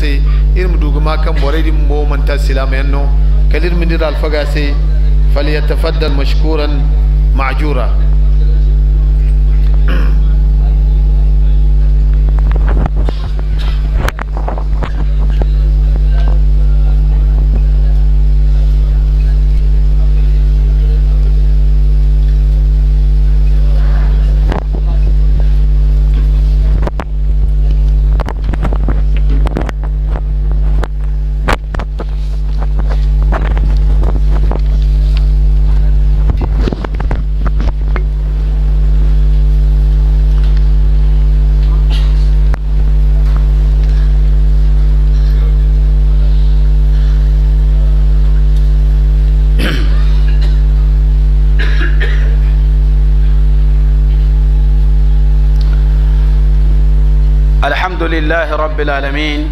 se irmu duguma kan boredi mo manta silama yanno kalir min dir alfaga se falyatafaddal mashkuran ma'jura لله رب العالمين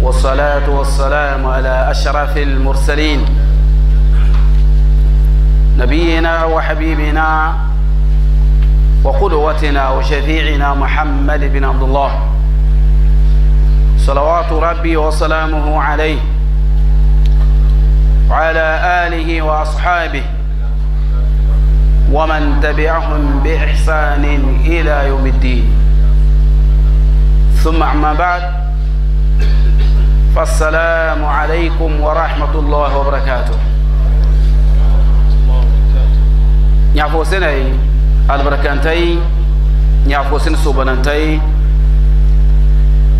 والصلاة والسلام على أشرف المرسلين نبينا وحبيبنا وقدوتنا وشفيعنا محمد بن عبد الله صلوات ربي وسلامه عليه وعلى آله وأصحابه ومن تبعهم بإحسان إلى يوم الدين ثم أما بعد فالسلام عليكم ورحمة الله وبركاته نعفو سنة البركانتي نعفو سنة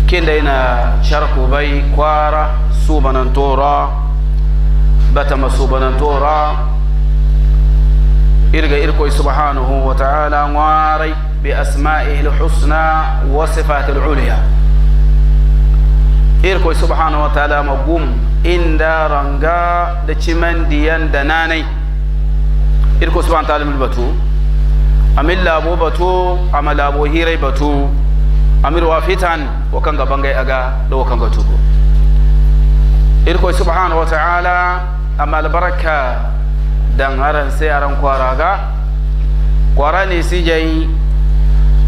كين لينا شركوا بي كوارا سوبنانتورا بتم سوبنانتورا إرقى إرقى سبحانه وتعالى واري بأسمائه الحسنى وصفات العليا إيركوي سبحانه وتعالى مقوم إن دارنغا دشمن ديان دناني إيركوي سبحانه وتعالى ملبتو أمل لابو بتو أمل لابو هيري بتو أمير وافيتان وكان غبانغي أغا لو كان غتوكو إيركوي سبحانه وتعالى أمال البركة دان هرن سيارن كواراغا kwarani sijai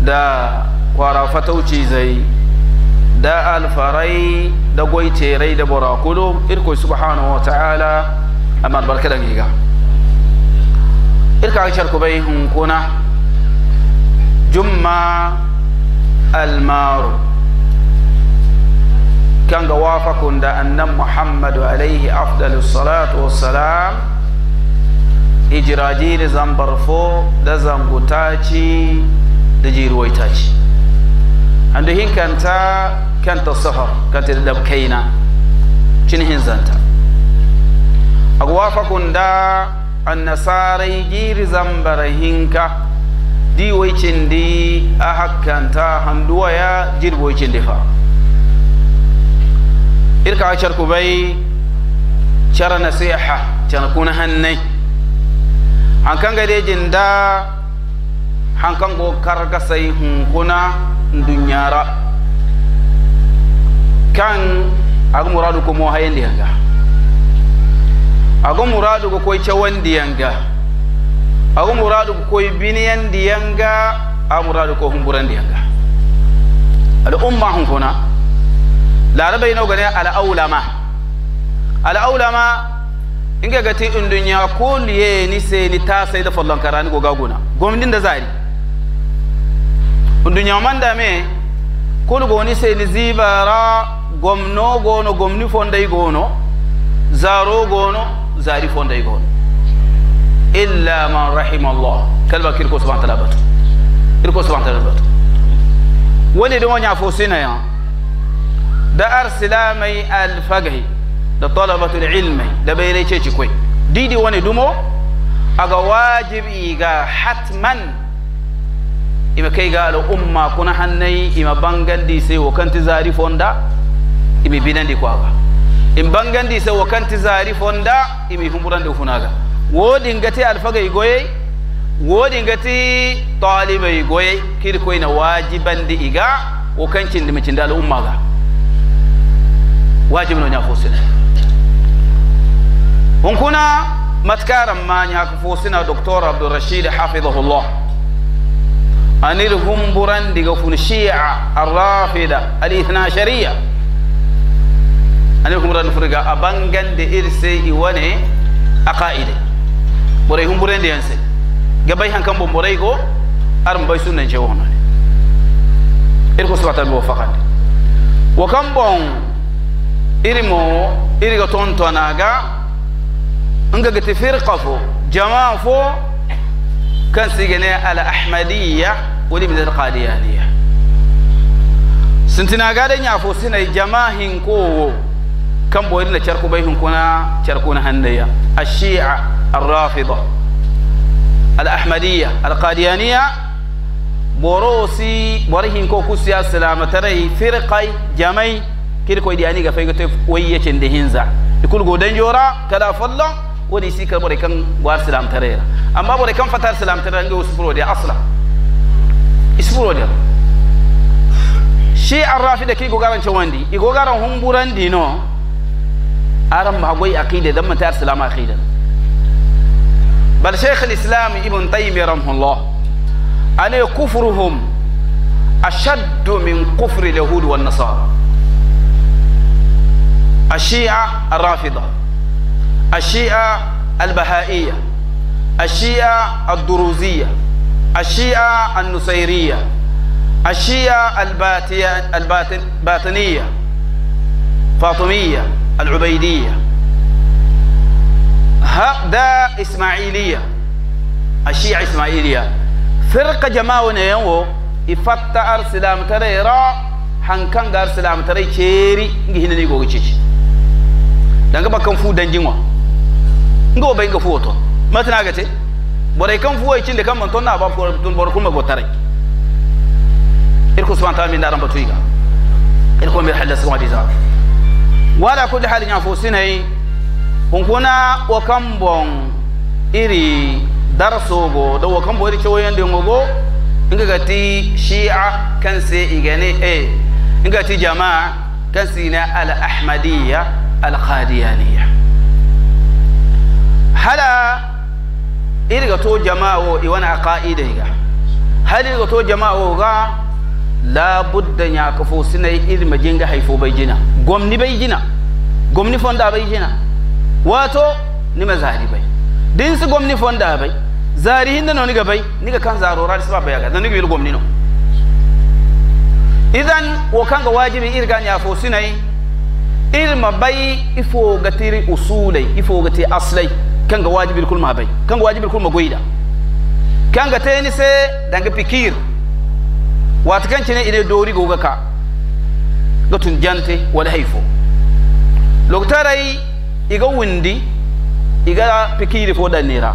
da kwara fatauci zai da alfarai da goiterai da burakudu irko subhanahu wa ta'ala amma albarka da giga irka an sharku bai hunkuna jumma almaru kan ga wafakun da annan muhammadu alaihi afdalu salatu wassalam ijiraji da zambarfo da zangutaci da ji ruwaita ci an da hinkanta kanta sahar kanta da dabkaina cin hinzanta a wafakun da an nasarai giri zambara hinka diwaicin di a hakanta handuwa ya cindi difa irka a charku bai cara nasiha cana kuna hannai an kan gadejin da hankango hun kuna dunyara kan agu muradu ko mohayen diyanga agu muradu ko koy cawan diyanga agu muradu ko koy biniyan diyanga agu muradu ko humburan diyanga al umma la rabai no gane al aulama al aulama inga gati indunya ko liye ni sai ni ta sai da fallon karani go gaguna gwamnatin da zari nduñomandame kul goni seni zibara gomno gono gomni fonday gono zaro gono zari fonday gono illa man rahima allah kalba kirko subhana taala batu irko subhana taala batu woni ɗum o ñafo sinaya da arsilamay alfagahi da talabatul ilmi da ɓeyre ceci koy ɗiɗi woni ɗum o aga wajibi ga hatman ima kai galo umma kuna hannai ima bangandi sai wakanti zari fonda imi binandi kwaga in bangandi sai wakanti zari fonda imi humburande ufunaga wodi ngati alfagai goye wodi ngati talibai goye kirko ina wajibandi iga wakancin da al dal umma ga wajibno nya fosina hun kuna matkaran ma foosina doctor doktor abdurrashid أنيل هم بران ديغفون الشيعة الرافدة الاثنا عشرية أنيل هم بران فرقا أبانغان دي إرسي إيواني أقائدة بري هم بران دي أنسي جباي هنكم بمبريغو أرم باي سنة جوهنا إلكو سبعة الوفاقات وكم بون إرمو إرغا تونتوناغا إنغا فرقة فو جماعة كان سيجنيه على أحمدية wuli mi zai kadi ya ne sintina gadan ya fosi na jamahin kowo kan boyi na charku bai hinkuna charku na handaya الشيعة الرافضة الأحمدية القاديانية بوروسي ورهن كوكو سياسة لما تري فرقي جمعي كيركو دياني غفاي غتو ويه چنده هنزا يقول غودن جورا كلا فلا ودي سيكر بريكان غوار سلام تريرا اما بريكان فتار سلام تريرا نغو سفرو دي اصلا isburode shi arrafida ki gogaran cewandi i gogaran humburandi no aran mahagoy aqida damma tar salama aqida bal shaykh al-islam ibn taymiyyah rahimahullah ana kufruhum أشد من كفر اليهود والنصارى الشيعة الرافضة الشيعة البهائية الشيعة الدروزية الشيعة النصيرية الشيعة الباتية الباطنية فاطمية العبيدية هدا إسماعيلية الشيعة إسماعيلية فرقة جماعة نيو إفتا أرسلام ترى را هنكان أرسلام ترى شيري نجينا نيجو تشيش دعنا بكم فود دنجوا نجوا بينك فوتو ما تناقتي bore kan fuwo cinde kan man ton na ba ko dun bor kuma go tare ir ko subhanahu ta'ala min daram batuiga ir ko mir halda sama diza wala kulli halin ya fusinai kun kuna wa kan bon iri darso go da wa kan bo iri cewoyen de ngogo inga gati shi'a kan se igane e inga gati jama'a kan sina al ahmadiyya al qadiyaniyya hala iriga to jama'o iwana aqaida ga hal iriga to wo ga la budda nya kafo sinai irma jinga haifo bai jina gomni bai jina gomni fonda bai jina wato ni ma zari bai din su gomni fonda bai zari hinda no ni ga bai ni ga kan zaro su ba bai ga dan ni ga gomni no idan wo kan ga wajibi irga nya fo sinai irma bai ifo gatiri usulai ifo tiri aslai kanga wajibil kul mahabay kanga wajibil kul magoyda kanga teni se danga pikir wat kan cine ine dori goga ka gatun jante wala haifo loktarai iga windi iga pikiri fo danira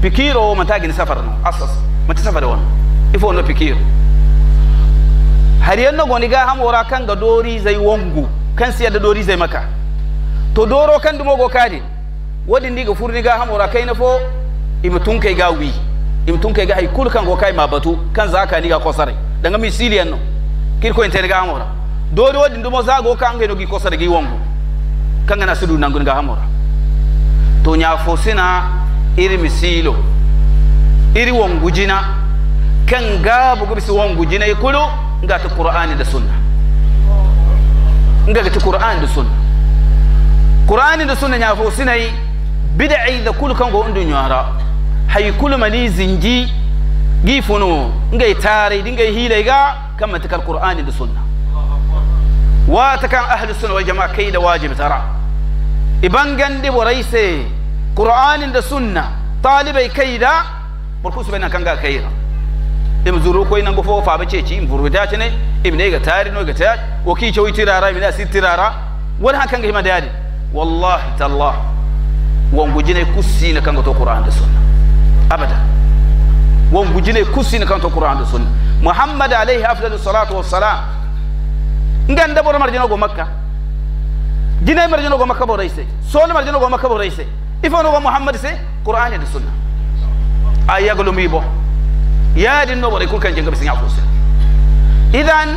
pikiro mata gin safar no asas mata safar won ifo no pikir har yanno goni ga ham wora kanga dori zai wongu kan siya da dori zai maka to doro kan dumo go kadi wodin ndiga furni ga hamora kaina fo ima tunkay ga wi ima tunkay ga hay kul kan go kay ma batu kan zaka ni ga kosare daga misili anno no kir ko inte ga hamora do do ndumo za go kan ga gi kosare gi wongo kan na sudu nangun ga hamora to nya fo sina iri misilo iri jina kan ga bugu bisi wongujina ikulu nga ta qur'ani da sunna nga ta qur'ani da sunna qur'ani da sunna nya fo sina yi bidai da kul kan go undu nyara hay kul mani zinji gi funo ngai tare dingai hile ga kan matakar qur'ani da sunna wa takan ahli sunna wal jamaa kai da wajibi tara iban gande boraise qur'ani da sunna talibai kai da burku su bana kan ga kai im zuru koy nan go fo fa bace ci im burda ci ne im ne ga tare no ga ta waki ce tirara mi na sitirara wani hakan ga hima da yadi wallahi tallahi wongo jine kussina kango to qur'an da sunna abada wongo jine kussina kango to qur'an da sunna muhammad alayhi afdalus salatu wassalam nganda bor marjino go makka jine marjino go makka bo reise sol marjino go makka bo reise ifono go muhammad se qur'an da sunna ayagolo mi bo yaadin no bore kul kan jenga bisinya fusin idan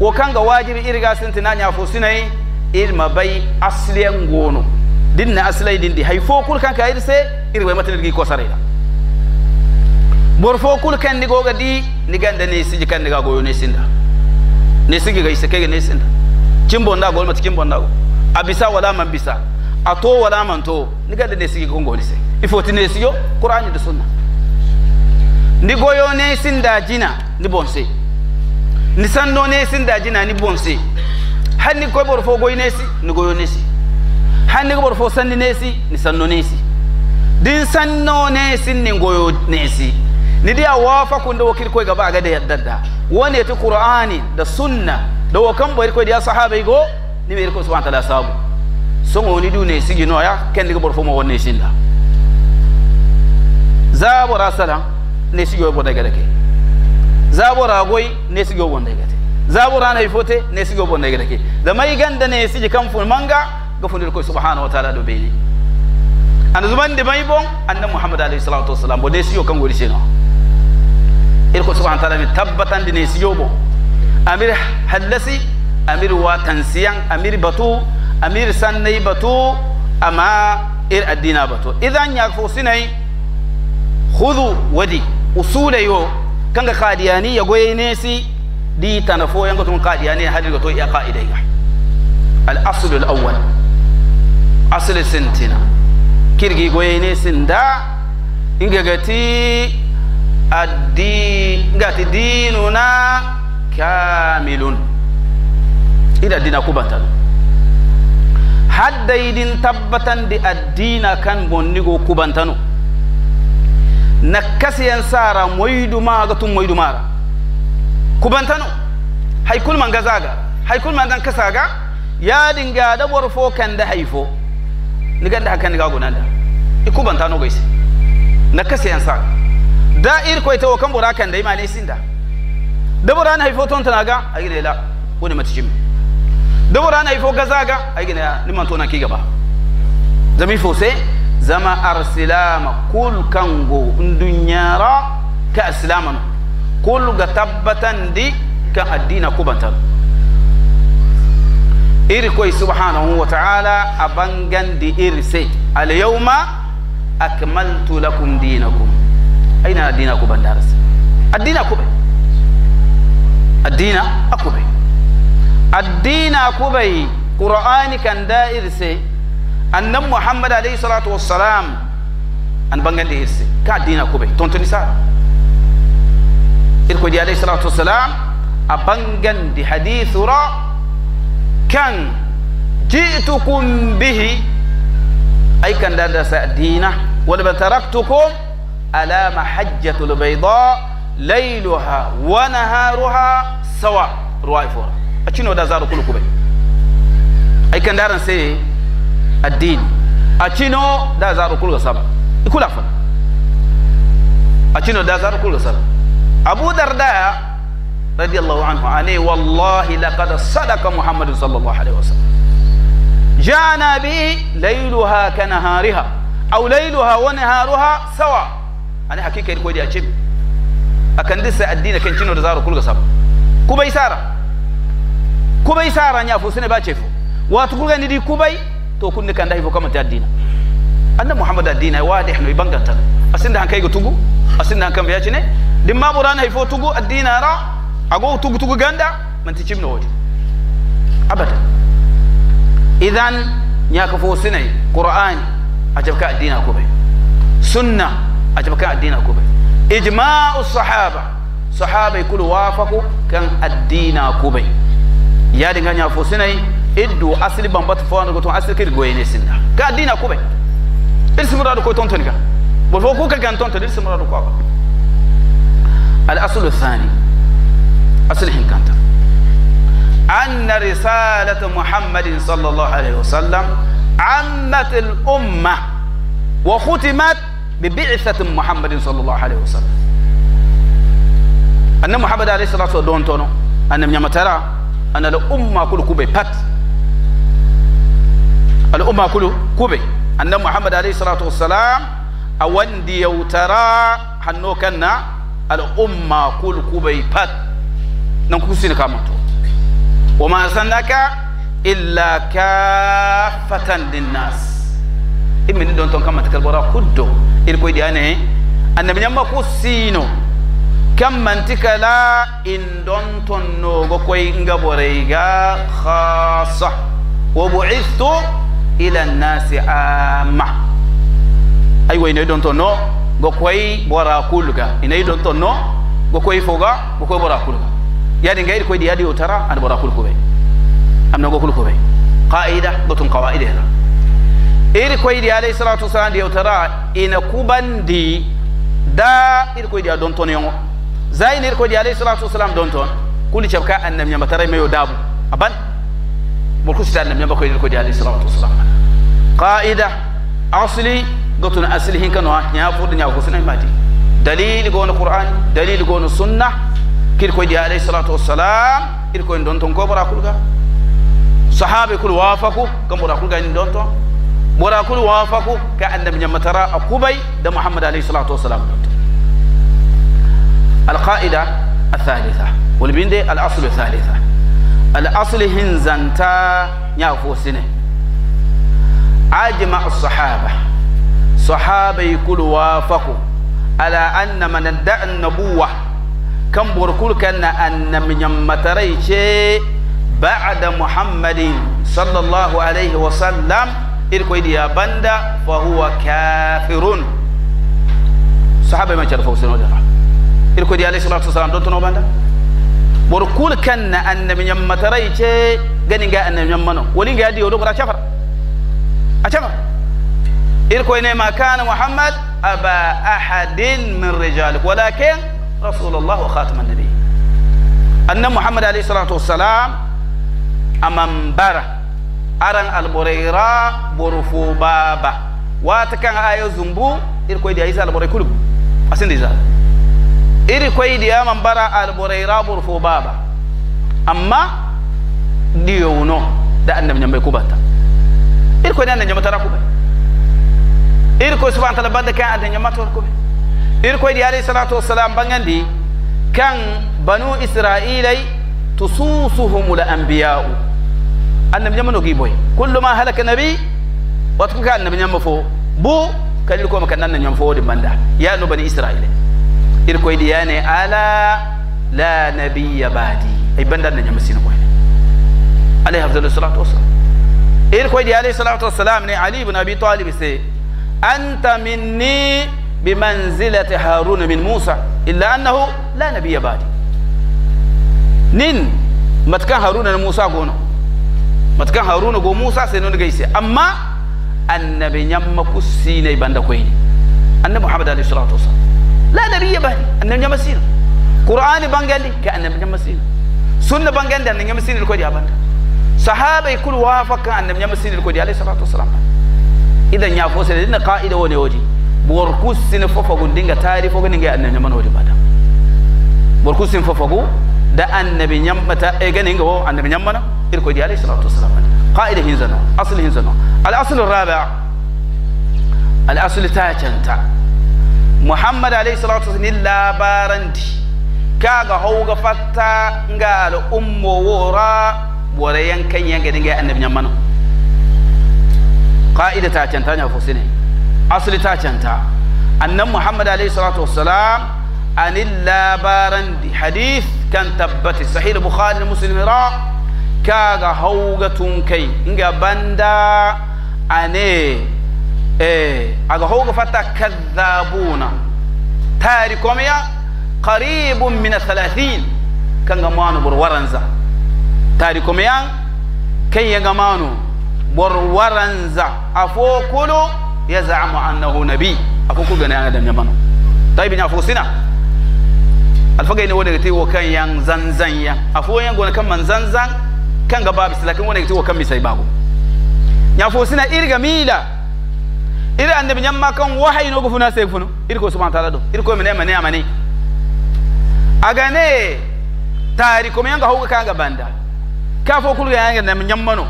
wo kanga wajibi irga sintina nya fusinai ilma bai asliyan gono din na asilay din di hay fo kul kan kayir se iri way matinir gi kosarayda bor fo kul kan ni goga di ni ganda ne siji kan ni ga goyo ne sinda ne sigi ga isake ne sinda cimbo nda gol mat cimbo nda go abisa wala man bisa ato wala man to ni ganda ne sigi gongo ni se ifoti ne siyo qur'ani da sunna ni goyo ne sinda jina ni bonse ni sanno ne sinda jina ni bonse hanni koy bor fo goy ne si ni goyo ne si hanni gbor fo sanni nesi ni sanno nesi din sanno nesi ni goyo nesi ni dia wafa kun da wakil koy gaba ga da yaddada wani ta qur'ani da sunna da wakan bayir koy da sahabai go ni bayir ko subhanahu ta'ala sabu son woni du ne sigi no ya ken diga bor fo mo wonne sinda zabora sala ne sigi bo daga dake zabora goy ne sigi bo daga dake zabora na fote ne sigi bo daga dake da mai ganda ne sigi kan fu manga gafundir ko subhanahu wa ta'ala do beeli an zuman de may bon anna muhammad alayhi salatu wassalam bo de siyo kan wori sino il ko subhanahu wa ta'ala mi tabbatan de siyo bo amir halasi amir wa tansiyan amir batu amir sannai batu ama ir adina batu idan ya fo sinai khudhu wadi usule usulayo kanga qadiyani ya goye nesi di tanafo yango tun qadiyani hadir to ya qaidai الأصل الأول asli sintina kirgi goyene sinda ingegati addi ngati dinuna kamilun ida dina kubatan hadda idin tabbatan di addina kan bonnigo kubantanu nakkasiyan sara moydu maga tum moydu mara kubantanu haykul mangazaga haykul mangan kasaga yadin gada borfo kan da haifo niganda akan niga gonanda iku banta no gaisi na kase yansa da'ir ko ita wakan burakan da imani sinda da burana haifo ton tanaga ayi da la wani matijim da burana haifo gazaga ayi gina liman tona ki gaba zami fose zama arsilama kul kango ndunyara ka islaman kul ga tabbatan di kan addina kubantan إركوي سبحانه وتعالى أبنغن دي إرسي اليوم أكملت لكم دينكم أين الدين أكو بندارس الدين أكو الدين أكو الدين أكو قرآن كان دا إرسي أن محمد عليه الصلاة والسلام أن بنغن دي إرسي كا الدين أكو بي تونتني سارة إركوي دي عليه الصلاة والسلام أبنغن دي حديث رأى كان جئتكم به أي كان دادا سأدينا ولما تركتكم على محجة البيضاء ليلها ونهارها سواء رواي فورا أتشينو دازارو كل كوبي أي كان دارن سي الدين أتشينو دازارو كل سبا يقول أفن أتشينو دازارو كل سبا أبو درداء رضي الله عنه عليه والله لقد صدق محمد صلى الله عليه وسلم جاءنا به ليلها كنهارها أو ليلها ونهارها سواء أنا حقيقة يقول يا شيب أكن دس الدين كن شنو رزار كل قصاب كوباي سارة كوباي سارة يا فوسنا باتشفو واتقول عندي كوباي تو كن كان ده يفكر متى الدين أنا محمد الدين واضح إنه يبان قتل أسند عن كي يتوجو أسند عن كم بيجنه لما برانا يفوتوجو الدين أراه أقول توق توق جندا من تجيب نوج أبدا إذن يكفو سنة قرآن أجبك الدين أكوبي سنة أجبك الدين أكوبي إجماع الصحابة صحابة كل وافقوا كان الدين أكوبي يا دين يكفو سنة iddu asli bambat fon ko ton asli kir goyene sinna ka dina ko be irsi murad ko ton ton ga bo fo ko ka gan أصلحن كانت أن رسالة محمد صلى الله عليه وسلم عمت الأمة وختمت ببعثة محمد صلى الله عليه وسلم أن محمد عليه الصلاة والسلام دون تونو أن من يمترى أن الأمة كل كوبي بات الأمة كل كوبي أن محمد عليه الصلاة والسلام أوان يوترى حنو كنا الأمة كل كوبي بات nan kusini kamoto wama arsalnaka illa kafatan linnas imini ɗon toon kamma takal bora kuddo iri koyɗi ane annabi ñamma kusino kammanti kala in ɗon tonnogo koye ngaboreyga hasa wo buistu ila nnasi amma aywa inayi ɗon toon no go koye bora kulga inayi ɗon toon no go koye foga go koye bora kulga يعني غير كوي ديادي وترى أنا برا كل كوي أم نقول كل كوي قاعدة بتون قواعد هنا إير كوي دي عليه الصلاة والسلام دي وترى إن كوبان دي دا إير كوي دي دون تونيو زين إير كوي دي عليه الصلاة والسلام دون تون كل شبكة أن نم يمترى ما يدابو أبان ملكوس تان نم يمكوي إير كوي دي عليه الصلاة والسلام قاعدة أصلي قطن أصلي هنكنوا نيا فود نيا خسنا ماتي دليل قون القرآن دليل قون السنة kirkoyɗi alayhi salatu wassalam irkoyen ɗon ton ko ɓora kulga sahabe kul wafaku kam ɓora kulganin ɗon ton ɓora kul wafaku ka annabi ñammatara a kuɓay da mouhammad alayhi salatu wassalam ɗon ton alqaida athalitha wol binde al aslu thalitha al asli hin zanta ña fo sine ajma sahaba sahabay kul wafaku ala anna man adda annabuwa كم بركول كان أن من يمتريش بعد محمد صلى الله عليه وسلم إلكو إدي بندا فهو كافر صحابة ما شرفوا سنو جرا إلكو إدي عليه الصلاة والسلام دون تنو بركول كان أن من يمتريش جنجا أن من يمنو ولين جادي ولو برا رأشفر أشفر إلكو إنما كان محمد أبا أحد من رجالك ولكن رسول الله وخاتم النبي أن محمد عليه الصلاة والسلام أمام بارا أران البريرا برفو بابا واتكان آيو زنبو إركوي دي عيسى البري كلب أسين ديزا زال إركوي دي أمام برا البريرا برفو بابا أما ديونو دا أنم نمي كوباتا إركوي دي أنم نمي ترى كوباتا إركوي سبحانه وتعالى بدك أنم نمي ترى كوباتا إركوي دي عليه الصلاة والسلام بعندي كان بنو إسرائيل تصوصهم الأنبياء أن من يمنو أن كل ما هلك النبي واتكوك أن من يمفو بو كان لكم مكان أن يمفو دي بندا يا أن إسرائيل إركوي دي يعني على لا نبي بعدي أي بندا أن يمسين بوي عليه أفضل الصلاة والسلام إركوي دي عليه الصلاة والسلام علي بن أبي طالب سي أنت مني بمنزلة هارون من موسى إلا أنه لا نبي بعد نين ما متكان هارون من موسى قونا متكان هارون قو موسى سنون قيسي أما النبي نعم كسيني بند كويني أن محمد عليه الصلاة والسلام لا نبي بعد أن نعم سينا قرآن بانجلي كأن النبي نعم سينا سنة بانجلي أن نعم سينا الكودي أبدا صحابة يقول وافق أن النبي نعم سينا الكودي عليه الصلاة والسلام إذا نعفوس لنا قائد ونوجي borkusine fofagu ndinga taari fogo ninge annabi ñamanode bada borkusin fofagu da annabi ñambata e gani nga wo annabi ñammana ir koydi alayhi salatu wassalam ani qaida hinzano asle hinzano al aslu rabi al aslu tacanta muhammad alayhi salatu wasalam ni labarandi kaga hawga fatta nga al ummo wora wora yankan yanga dinga annabi ñammana qaida tacanta ña fo sine asali ta canta annan muhammad alaihi salatu wassalam an labaran hadith kan tabbati sahih bukhari muslim ra kaga hauga tunkai nga banda ane eh aga hauga fata kadhabuna tarikomya قريب من الثلاثين كان جمانو برورنزا تاريكم يان كان جمانو برورنزا أفو كلو يزعم أنه نبي أفوكو غني أنا دم يمانو طيب يا فوسنا alfaga ne wanda gati wakan yang zanzan ya afo yang gona kan man zanzan kan gaba bis lakin wanda gati wakan misai bago ya fo sina irga mila ira annabi nyamma kan wahayi no gufuna sai gufuna irko subhanahu ta'ala do irko mene mene amane agane tari ko yanga hawga kan banda ka fo kulga yanga nyamma no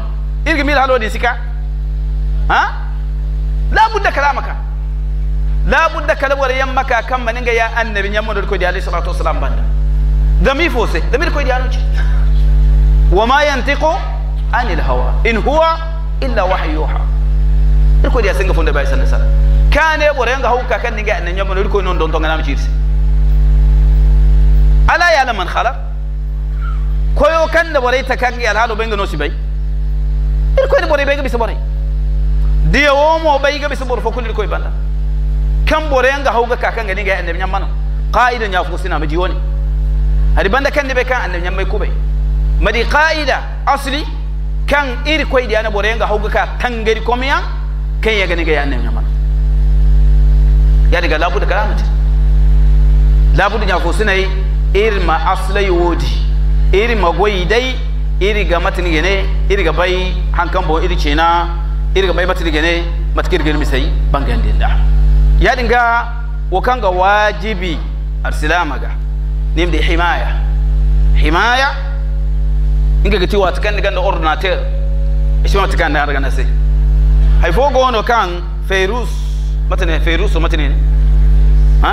irga mila halo di sika ha لا بد كلامك لا بد كلام ولا يمك كم من يا النبي يمر الكوي عليه الصلاة والسلام بند دمي فوسي دمي الكوي ديالوج وما ينطق عن الهوى إن هو إلا وحي يوحى الكوي يا سنغ فند باي سنة سنة كان يبغى ينغ هو كان نيجا أن يمر الكوي نون دون تونغ ألا يعلم من خلق كويو كان دبري تكاني على هذا بينغ نوسي باي الكوي دبري بينغ بيسبري dia womo bai ga ɓe si kulli koy kulir koye banda kam ɓorenga hawga ka kan gani ga annabi ñammano qaida sina maji woni hadi banda kandi be kan annabi ñammay kubai madi qaida asli kan iri koyɗi bore ɓorenga hauga ka tangari komiya kan yagani ga ya annabi ñammano yadiga labude kalamati labude ñafo sinayi irma aslay woodi irma goyi dai iri ga matini gene iri ga bay hankan bo iri cena irga mai matirgene matkirgel misai bangan dinda ya dinga wakan ga wajibi arsilama ga ne da himaya himaya inga ga gati watkan diga na ordinateur isma watkan da arga nase haifo ga gono kan ferus matane ferus matane ha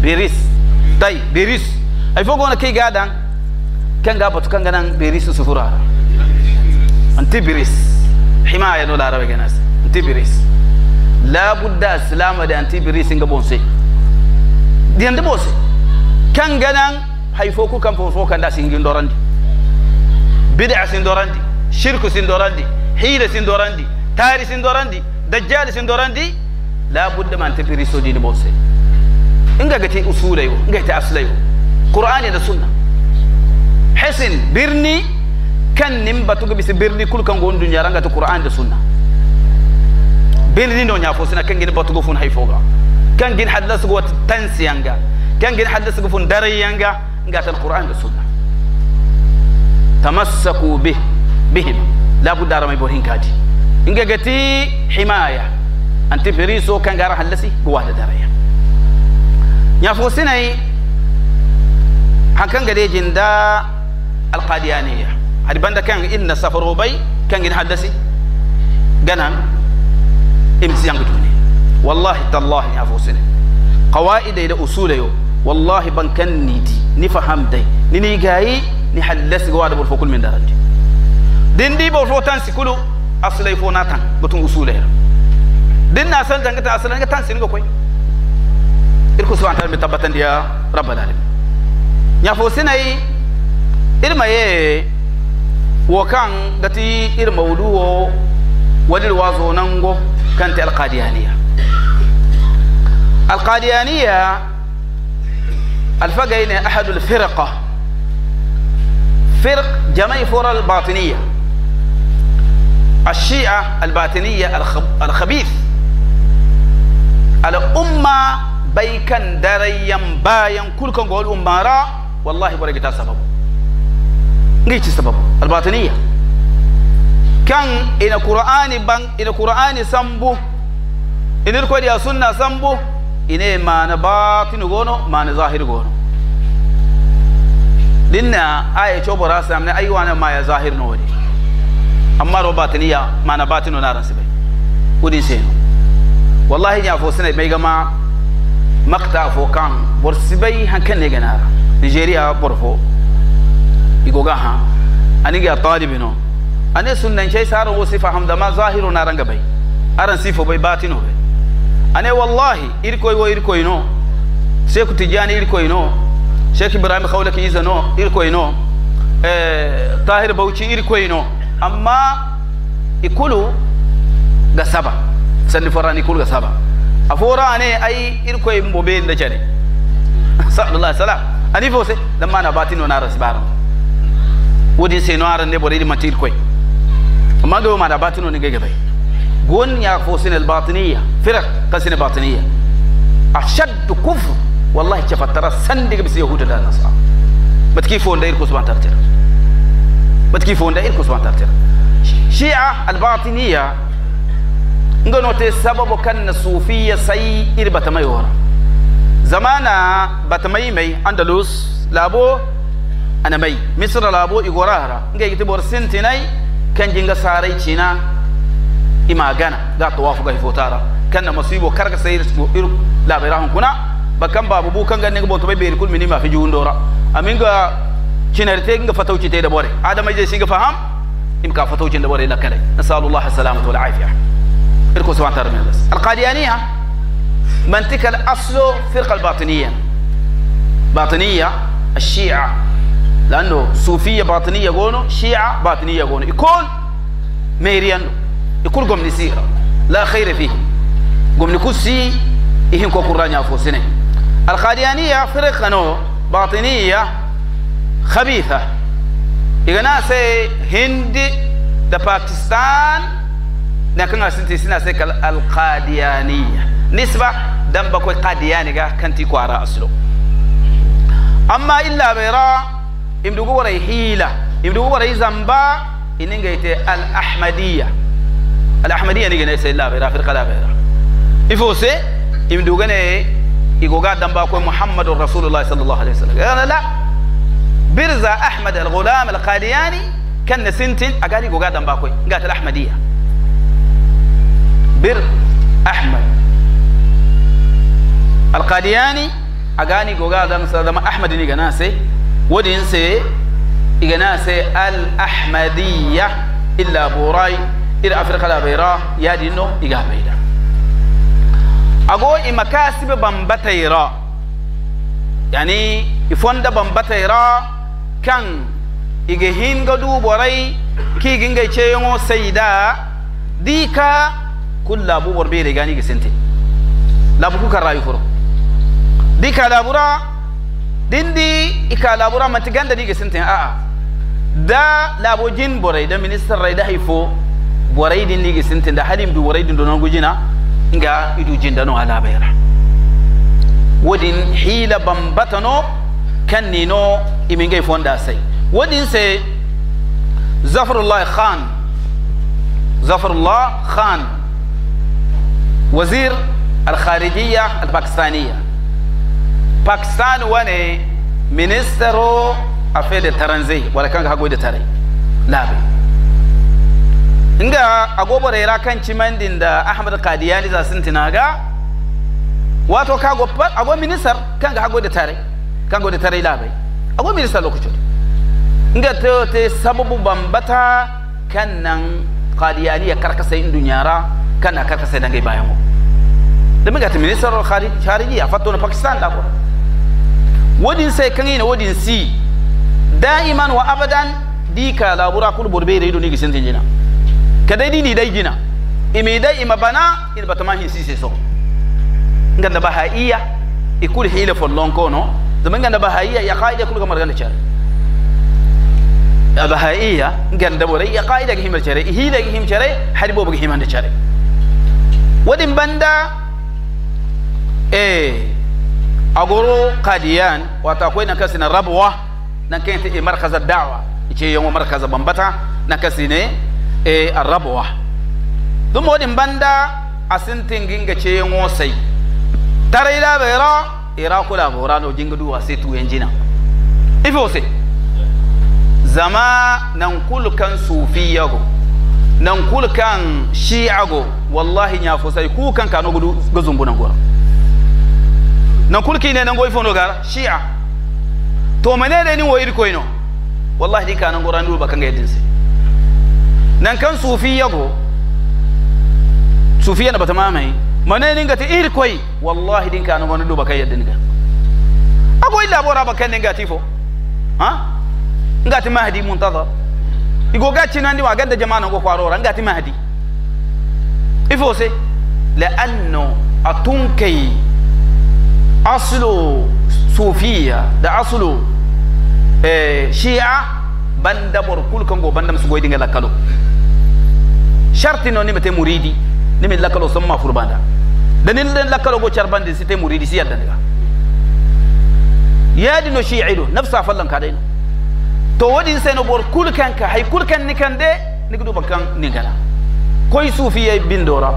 beris dai beris haifo ga gono kai gadan kan ga batu kan ganan beris sufura anti beris حماية نولا ربي ناس انتي بريس لا بد السلام دي انتي بريس انجا بونسي دي انت بونسي كان جنان هيفوكو كان فوفو كان داس انجين دوران دي بدع سين دوران دي شرك سين دوران دي حيلة سين دوران دي تاري سين دوران دي دجال سين دوران دي لا بد ما انتي بريسو دي بونسي انجا جتي اصوله انجا جتي اصله قرآن يا السنة حسن برني kan nim batuga bisi birni kul kan gon dunya ranga to qur'an da sunna birni no nya fosina kan gin batuga fun hay foga kan gin hadas go tansiyanga kan gin hadas go yanga dariyanga ngata qur'an da sunna tamassaku bih bihim la budda ramai borin kadi inga gati himaya anti biriso kan gara halasi go wala dariya nya fosina hakan gade jinda القاديانيه hadi banda kan inna safaro bay kan gin haddasi ganan imsi yang duni wallahi tallahi afusene qawaida da usule yo wallahi ban kan niti ni faham dai ni ni gayi ni haddasi gwa da bur fokul min darandi din di bur fotan sikulu aslai fo natan butun usule din na san tanga ta aslan ga tan sin ga koi irku subhanahu wa ta'ala tabatan dia rabbal alamin nya fo sinai irma ye وكان دتي إير مولوه ودل وازونانغو كانت القاديانية القاديانية الفقين أحد الفرقة فرق جمعي فرق الباطنية الشيعة الباطنية الخبيث الأمة بيكن دريا بايا كل كنقول أمارا والله برقتها سببه ngichi sababu albatiniya kan ina qur'ani ban ina qur'ani sambu inir ko dia sunna sambu ine mana batin gono mana zahir gono dinna aya cho bora samne aywana ma ya zahir no wadi amma ro batiniya mana batinu na ransibe udin sai wallahi ya fo sene mai gama makta fo kan borsibai hankan ne ganara nigeria borfo igoga ha anigi a talibino ane sunnancey saro wo sifa hamdama zahiru naranga bay aran sifo bay batino bay ane wallahi irkoy wo irkoyno sheikh tijani irkoyno sheikh ibrahim khawlaki izano irkoyno eh, tahir bauchi irkoyno amma ikulu ga saba sanni forani ikulu ga saba a fora ane ay irkoy mbobe nda cane sallallahu alaihi wasallam ani fose lamma na batino na rasbaran wodin seno aranne ɓoɗa yiɗi mantir koye amma ɗo maɗa batino ni gege ɓay gon ya fo sine albatinia firak ka sine batinia ashaddu kufre wallahi cafattara sandiga ɓe si yahuda da nasara mbaɗa ki fo nda ir ko suban tartira mbaɗa ki fo nda ir ko suban tartira chia albatinia nganote sababu kanna sufiya sai ir batamayi wora zamana batamayi may andalus laabo أنا بي مصر لابو إغوراهرا نجي تبور سنتيني كان جنگا ساري چينا إما غانا دا توافو غا فوتارا كان مصيب وكارك سير إرو لا بيراهم كنا بكم بابو بو كان نجي بوتو بي بيركول مني ما في جون دورا أمين غا چينا رتين غا فتو چي تيدا بوري آدم أجي سيغا فهم إم كا فتو چي دبوري لكالي نسأل الله السلامة والعافية إركو سبحان تارم يلس القاديانية من الأصل فرق الباطنية باطنية الشيعة لانه صوفيه باطنيه غونو شيعه باطنيه غونو يكون ميريان يكون قوم نسيرة لا خير فيه قوم نكسي يهم كو قرانيا فوسنه القاديانيه فرقه نو باطنيه خبيثه igana sai hindi da pakistan na kan asinti sina sai kal alqadiyaniya nisba dan bakwai qadiyani ga kanti kwara aslo amma illa bayra imdugu wara hila imdugu wara zamba ininga ite al ahmadiyya al ahmadiyya ahmadiya nigene se labera firqa labera ifose ne igoga damba ko muhammadur rasulullah sallallahu alaihi wasallam ana la birza ahmad al ghulam al qadiani kan sintin agari igoga damba ko ngata al ahmadiya bir ahmad al qadiyani agani goga dan sadama ahmad ganase wodi n se igana se al ahmadiya illa burai ir Afirka la bayra di no iga bayda ago imakasibe bambatayra yani ifonda bambatayra kan ige hinga du borai ki ginga yongo sayda dika kulla bu borbe gani gisente labu ku karayu furo dika labura dindi ika labura manti ganda diga sintin a'a da labojin borai da ministan rai da haifo borai din diga sintin da halin bi borai din donon gujina nga idu jin da no ala bayra wadin hila bambatano kan nino imin gai fonda sai wadin sai zafarullah khan zafarullah khan وزير الخارجية الباكستانية pakistan wane ministero a fe da taran zai wala kan hagu da tare labi inga agobar yara kan cimandin da ahmad kadiyani za sun tinaga wato kago go minister kan ga hagu da tare kan go da tare labe ago minister lokacin inga to te sababu bambata kan nan kadiyani ya karkasa indun yara kana karkasa dangai bayan mu da mun ga ta minister khariji a fatto na pakistan da wodin sai kan ina wodin si daiman wa abadan di ka labura kul borbe re do ni gisin tinjina kadai di ni dai gina imi dai ima bana in batama hin si so nganda bahaiya ikul hila follon ko no zaman nganda bahaiya ya qaida kul kamar ganda char bahaiya nganda borai ya qaida ga himar chare hila ga him chare haribo ga himanda chare wadin banda eh agoro kadiyan wato akwai na kasi na rabuwa na kai ta e markaza da'wa ice yan wa markaza bambata na kasi ne e rabuwa dum modin banda asintin ginga ce yan sai tare da bera ira kula bora no jinga duwa sai tu jina. ifo sai zama nan kulkan sufiyago nan kulkan shi'ago wallahi ya fusai kukan kanu gudu gazumbunan gora nan kulki ne nan goyi fono gara shi'a to manene ni wo iri koyno wallahi di kanan goran dul bakan ga yadin sai nan kan sufi yago sufiya na bata mamaye manene ngati iri koyi wallahi din kanan goran dul bakan yadin ga ago illa bora bakan ne ngati fo ha ngati mahdi muntazar igo gaci nan di wa gadda jama'a nan go kwaro ran ngati mahdi ifo se la'anno atunkai asulu sufiya da asulu eh, shi'a banda bor kul kango banda musu goyi dinga lakalo sharti no nimete muridi nimi lakalo samma furbanda ni den lakalo go charbande site muridi si yadda daga yadi no shi'ido nafsa fallan kadai to wadi sai no bor kul ka hay kul kan ni gudu bakan ningala koi sufiya bindora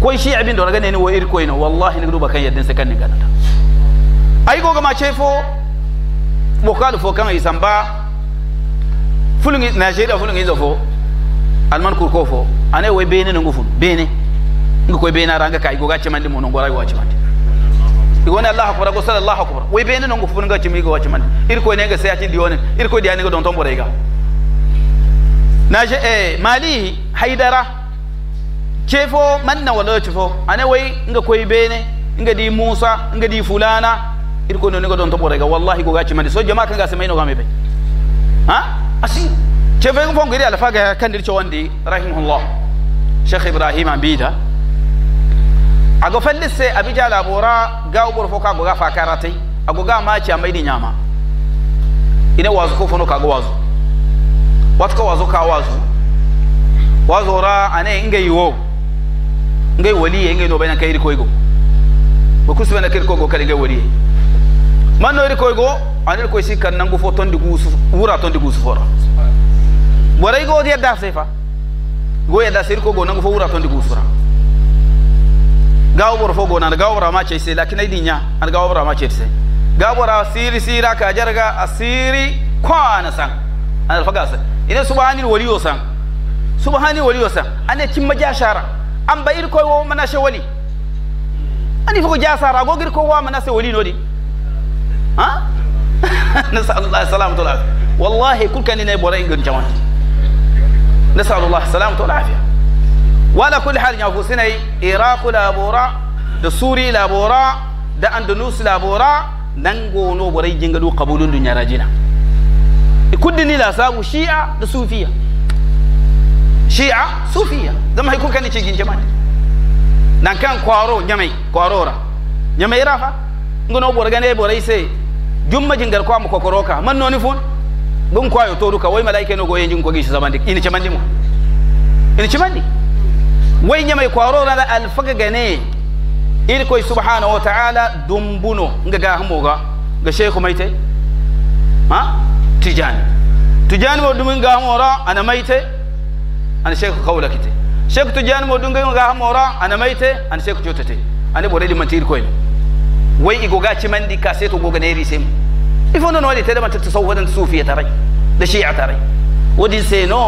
ko shi abin da wani gane ni wa iri koyi na wallahi ni duba kan yadda sai kan ni ganata, ta ai goga ma chefo bokalu fo kan isamba fulungi nigeria fulungi zofo alman kurko fo ane we bene nungu fun bene ngu koy bene ranga kai goga chemandi mo nongora goga chemandi igone allah akbar go sallallahu akbar we bene nungu fun ga chimi goga mandi ir koy ga sai ati dione ir koy diane go don tombore ga naje eh mali haidara chefo manna wala chefo ane way nga koy bene nga di musa nga di fulana ir ko noni ko don to borega wallahi go gachi mande so jama kan ga semay no gamebe ha asi chefo ngo ngiri ala faga kandir chawandi rahimahullah sheikh ibrahim ambida ago fallisse abija labora ga ubor foka go ga fakarate ago ga ma ci amai ni nyama ina wazu ko fono ka go wazu watko wazu ka wazu wazora ane inga yiwo ngai waliye ngai no bana kairi koygo ko kusu bana kairi koygo kali ngai waliye man no iri koygo anel ko sikkan nangu fo tondi gusu wura tondi gusu fora waray go di da sefa go ya da sir ko go nangu fo wura tondi gusu fora gawo bor fo go nan gawo bor ma se lakina di nya an gawo bor ma se gawo bor siri sira ka jarga asiri kwana san an faga san ina subhanil waliyo san subhanil waliyo san ane kimma ja shara amba iri koy wo mana she wali ani fuko jasara go gir ko wa mana se wali nodi ha نسأل الله السلامة والعافية والله كل كان لنا يبورا إنجن جوان نسأل الله السلامة والعافية ولا كل حال نعفو سنة إيراق لابورا دسوري لابورا دا أندنوس لابورا ننغو نو بوري جنغلو قبول دنيا راجنا كل دنيا لا سامو شيعة دسوفية shia sufiya zama hay kukani cigin jamani nan kan kwaro nyamai kwarora nyamai rafa ngono borga gane borai sai jumma jingar kwa mu kokoroka man noni fun gun kwayo to duka wai malaika no goyen jin kogi shi zaman dik ini cimandi mu ini cimandi wai nyamai kwarora da alfaga gane irkoi subhanahu wa ta'ala dumbuno nga ga hamoga ga sheikhu maite ha tijani tijani mo dumin ga hamora ana maite an sheku kawla kite sheku to jani mo dunga ga hamora ana maite an sheku jotete ane boredi mantir ko ni wai igoga ci mandi ka sai to goga ne risem ifo no wadi tada mata tasawwadan sufiya tarai da shi'a tarai wadi sai no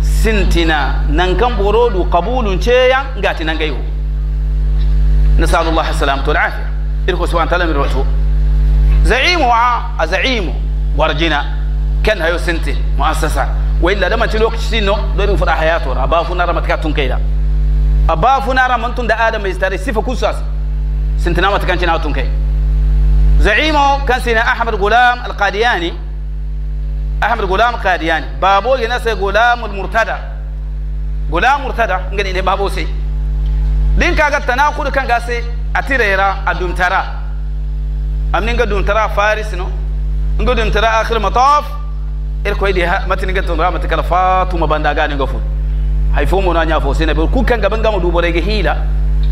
sintina nan kan borodu qabulun ce yan gati nan gayo nasallallahu alaihi wasallam to al'afiya irko subhanahu ta'ala min rawu zaimu a zaimu warjina kan hayo sintin muassasa وإلا لما تلوك سينو دورين فرا حياته أبا فنارا متكاتون كيدا أبا فنارا منتون دا آدم يستاري سيفا كوساس سنتنا متكانتين أوتون كي زعيمه كان سينا أحمد غلام القادياني أحمد غلام القادياني بابو ينسى غلام المرتدى غلام مرتدى نقول إنه بابو سي لين كاغا تناقض كان غاسي أتيريرا أدوم ترى أمنين قدوم ترى فارس نو نقول ترى آخر مطاف irko idi ha matini gantan ramata kala fatuma banda gani gofu hay fo mona nya fo sene be ku kan gaban gamu dubo rege hila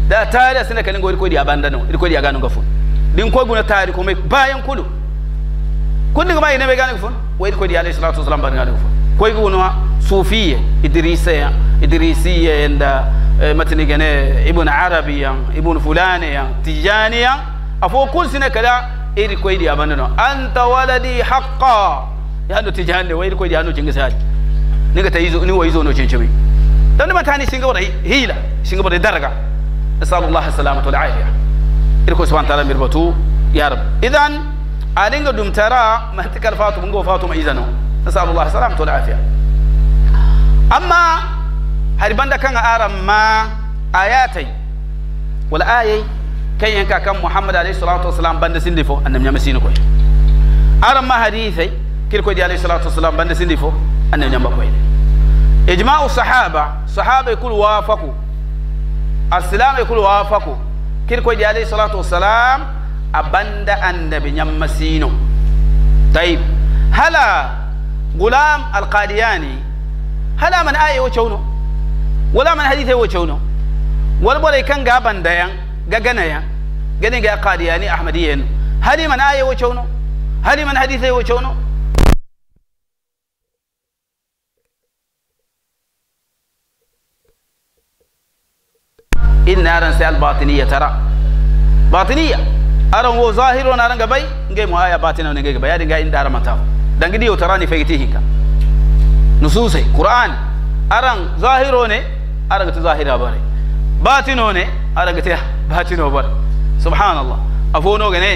da tare sene kalin go irko idi abanda no irko idi agano gofu din ko guna tare ko mai bayan kulu kun diga mai ne be gani gofu wa irko idi alayhi salatu wasalam ban gani gofu ko guna sufiye idrisiya idrisiya inda matini gane ibn arabiya ibn fulaniya tijaniya afo kun sene kala irko idi abanda no anta waladi haqqan yano ti jahanne wayir ko jahanu cinga sal niga tayizo ni wayizo no cincimi dan ma tani singa wara hila singa wara daraga nasallu allah salamatu wal afiya irko subhanahu ta'ala mirbatu ya rab idan alinga dum tara mantikal fatu bungo fatu ma izano nasallu allah salamatu wal afiya amma har banda kan aran ma ayatai wal ayai kan yanka kan muhammad alayhi salatu wasalam banda sindifo annam nyamasini koy aran ma hadithai كيلكو دي عليه الصلاة والسلام بند سندي فو أن ينجم بقويل إجماع الصحابة صحابة يقول وافقوا السلام يقول وافقوا كيلكو دي عليه الصلاة والسلام أبند أن ينجم مسينو طيب هلا غلام القادياني هلا من آية وشونو ولا من حديث وشونو والبولي كان غابن ديان غغنا يا غني غا قادياني احمديين هل من ايه وشونو هل من حديث وشونو inna aran sai albatiniya tara batiniya aran wo zahiro na aran gabai ngai mu aya batina ne ngai gabai yadin ga inda aran mata dan gidi yotara ni fegiti hinka nususai qur'an aran zahiro ne aran ga zahira bare batino ne aran ga batino bare subhanallah afono ga ne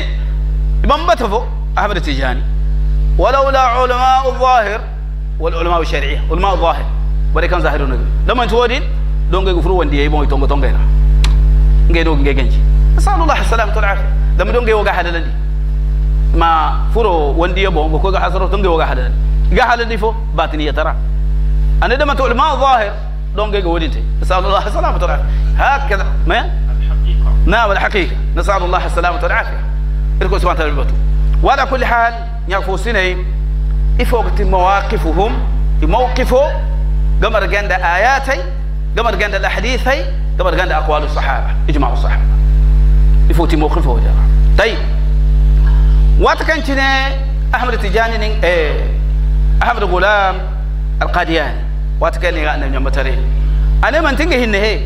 ibn batafo ahmad tijani ولولا علماء الظاهر والعلماء الشرعيه علماء الظاهر bare kan zahiro ne lama to wadin don ga gufuru wanda yayi bon tongo tongo ina ngay dog ngay ganci alaihi wasallam tul afia dama ɗo ngay woga halalani ma furo wondiya bon go koga hasro to ngay woga halalani ga halalani fo batini yatara ana dama tol ma zahir ɗon ngay go sallallahu alaihi wasallam tul afia hakada ma na wal haqiqa نعم الحقيقة نسأل الله السلامة والعافية إلكم wa وتعالى بتو وعلى كل حال sinay سنة mawaqifuhum bi موقفه gamar جند ayatay قبل قند الاحاديث هي قبل قند اقوال الصحابه اجماع الصحابه يفوتي موقفه وجرى طيب كان واتكنتنا احمد تجاني ايه احمد غلام القادياني واتكني غانا نيوم تاري انا من تنجي هن هي